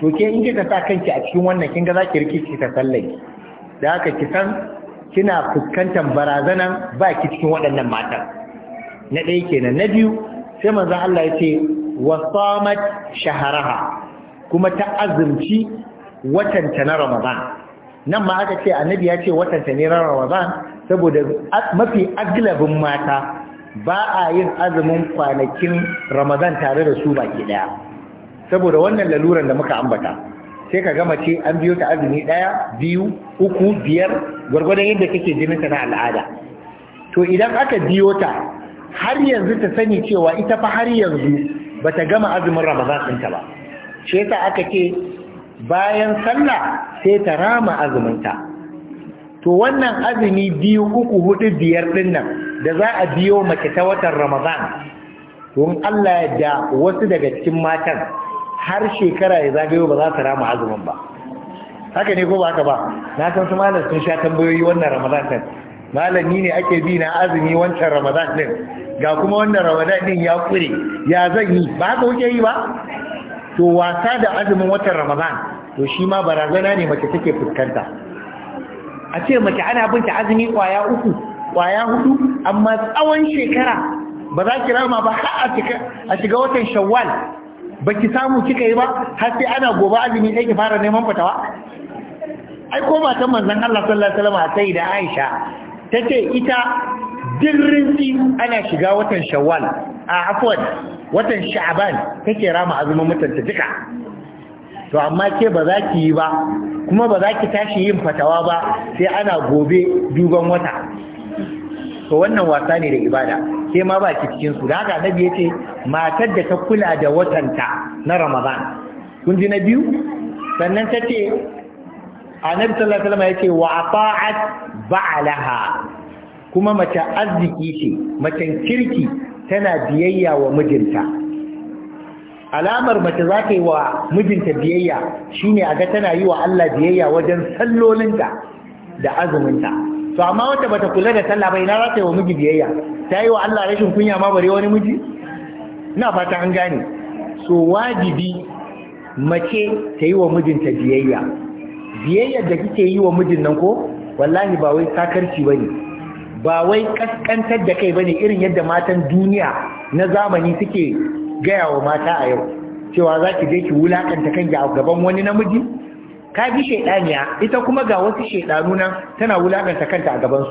to ke in kika sa kanki a cikin wannan kin ga zaki ki ta sallaki da haka ki san kina fuskantar barazanan ba ki cikin waɗannan matan na ɗaya kenan na biyu sai manzan Allah ya ce wa samat shaharaha kuma ta azumci watanta na Ramadan nan ma aka ce annabi ya ce watanta ne na Ramadan saboda mafi aglabin mata ba a yin azumin kwanakin Ramadan tare da su baki daya saboda wannan laluran da muka ambata sai ka gama ce an biyo ta azumi daya biyu uku biyar gwargwadon yadda kake jinin ta na al'ada to idan aka biyo ta har yanzu ta sani cewa ita fa har yanzu ba ta gama azumin ramadan ɗinta ba shi yasa aka ce bayan sallah sai ta rama azuminta to wannan azumi biyu uku hudu biyar ɗin nan da za a biyo mace ta watan ramadan don Allah da wasu daga cikin matan har shekara ya zagayo ba za ta rama azumin ba haka ne ko ba haka ba na san su malam sun sha tambayoyi wannan ramadan din malami ne ake bi na azumi wancan ramadan ɗin. ga kuma wannan ramadan din ya kure ya zan yi ba haka kuke yi ba to wasa da azumin watan ramadan to shi ma barazana ne mace take fuskanta a ce mace ana binta azumi kwaya uku kwaya hudu amma tsawon shekara ba za ki rama ba har a shiga watan shawwal ba ki samu kika yi ba har sai ana gobe azumi sai ki fara neman fatawa ai ko matan manzon Allah sallallahu alaihi wasallam a sai da Aisha tace ita dirrinsi ana shiga watan shawwal a afwan watan sha'ban kake rama azumin mutunta duka to amma ke ba za ki yi ba kuma ba za ki tashi yin fatawa ba sai ana gobe duban wata to wannan wasa ne da ibada sai ma ba ki cikin su da haka yace matar da ta kula da watanta na ramadan kun ji na biyu sannan ta ce annabi sallallahu alaihi wasallam yace wa ata'at ba'alaha kuma mace arziki ce macen kirki tana biyayya wa mijinta alamar mace za ta yi wa mijinta biyayya shine a ga tana yi wa Allah biyayya wajen sallolinta da azuminta to amma wata bata kula da sallah ba ina za ta yi wa miji biyayya ta yi wa Allah rashin kunya ma bare wani miji ina fata an gane so wajibi mace ta yi wa mijinta biyayya biyayyar da kike yi wa mijin nan ko wallahi ba wai sakarci bane ba wai kaskantar da kai bane irin yadda matan duniya na zamani suke gaya wa mata a yau cewa za ki je ki wulakanta kanki a gaban wani namiji ka bi shaidaniya ita kuma ga wasu shaidanu nan tana wulakanta kanta a gaban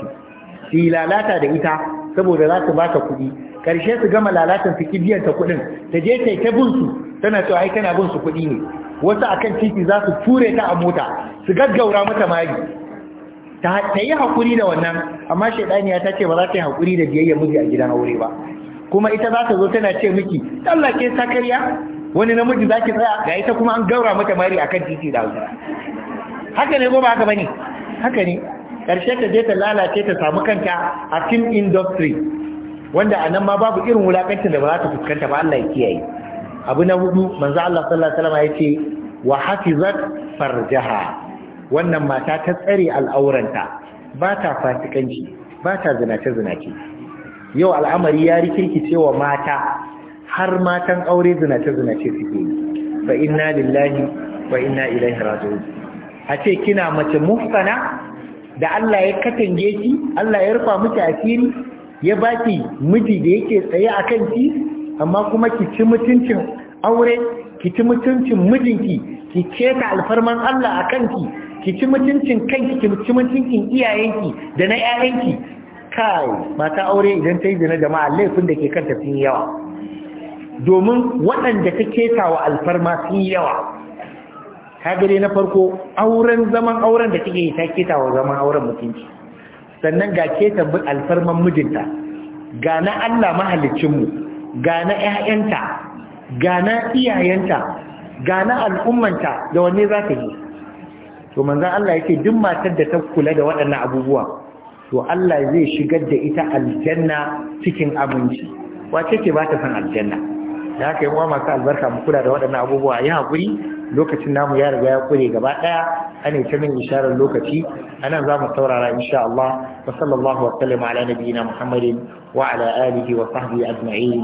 su yi lalata da ita saboda za su baka kuɗi karshe su gama lalatan su ki biyan ta kuɗin ta je ta ta bin su tana cewa ai tana bin su kuɗi ne wasu akan titi za su ture ta a mota su gaggaura mata mari ta yi haƙuri da wannan amma shaidaniya ta ce ba za ta yi haƙuri da biyayya miji a gidan aure ba kuma ita za ta zo tana ce miki Allah ke wani namiji za ki tsaya ga ita kuma an gaura mata mari akan titi da wuta haka ne ko ba haka bane haka ne karshe ta je ta lalace ta samu kanta a film industry wanda a nan ma babu irin wulakancin da ba za ta fuskanta ba Allah ya kiyaye abu na hudu manzo Allah sallallahu alaihi wasallam ya ce wa hafizat farjaha wannan mata ta tsare al'auranta ba ta fasikanci ba ta zinace-zinace yau al'amari ya rikirkice wa mata har matan aure zinace-zinace suke yi ba ina lillahi ba ina ilaihi raji'un a ce kina mace mufsana da Allah ya katange ki Allah ya rufa miki asiri ya baki miji da yake tsaye a kanki amma kuma ki ci mutuncin aure ki ci mutuncin mijinki ki keta alfarman Allah a kanki ki ci mutuncin kanki ki ci mutuncin iyayenki da na 'ya'yanki? kai mata aure idan ta yi zina jama'a laifin da ke kanta sun yawa domin waɗanda ta keta wa alfarma sun yawa ta gare na farko auren zaman auren da take yi ta keta wa zaman auren mutunci sannan ga keta alfarman mijinta ga na Allah mahalicinmu ga na ƴaƴanta ga na iyayenta ga na al'ummanta da wanne za ta yi to manzon Allah yake duk matar da ta kula da waɗannan abubuwa to Allah zai shigar da ita aljanna cikin abinci wace ce ba ta san aljanna da haka yawa masu albarka mu kula da waɗannan abubuwa yi hakuri lokacin namu ya riga ya kure gaba ɗaya ana ta min isharar lokaci anan za mu saurara insha Allah wa sallallahu wa sallama ala nabiyyina Muhammadin wa ala alihi wa sahbihi ajma'in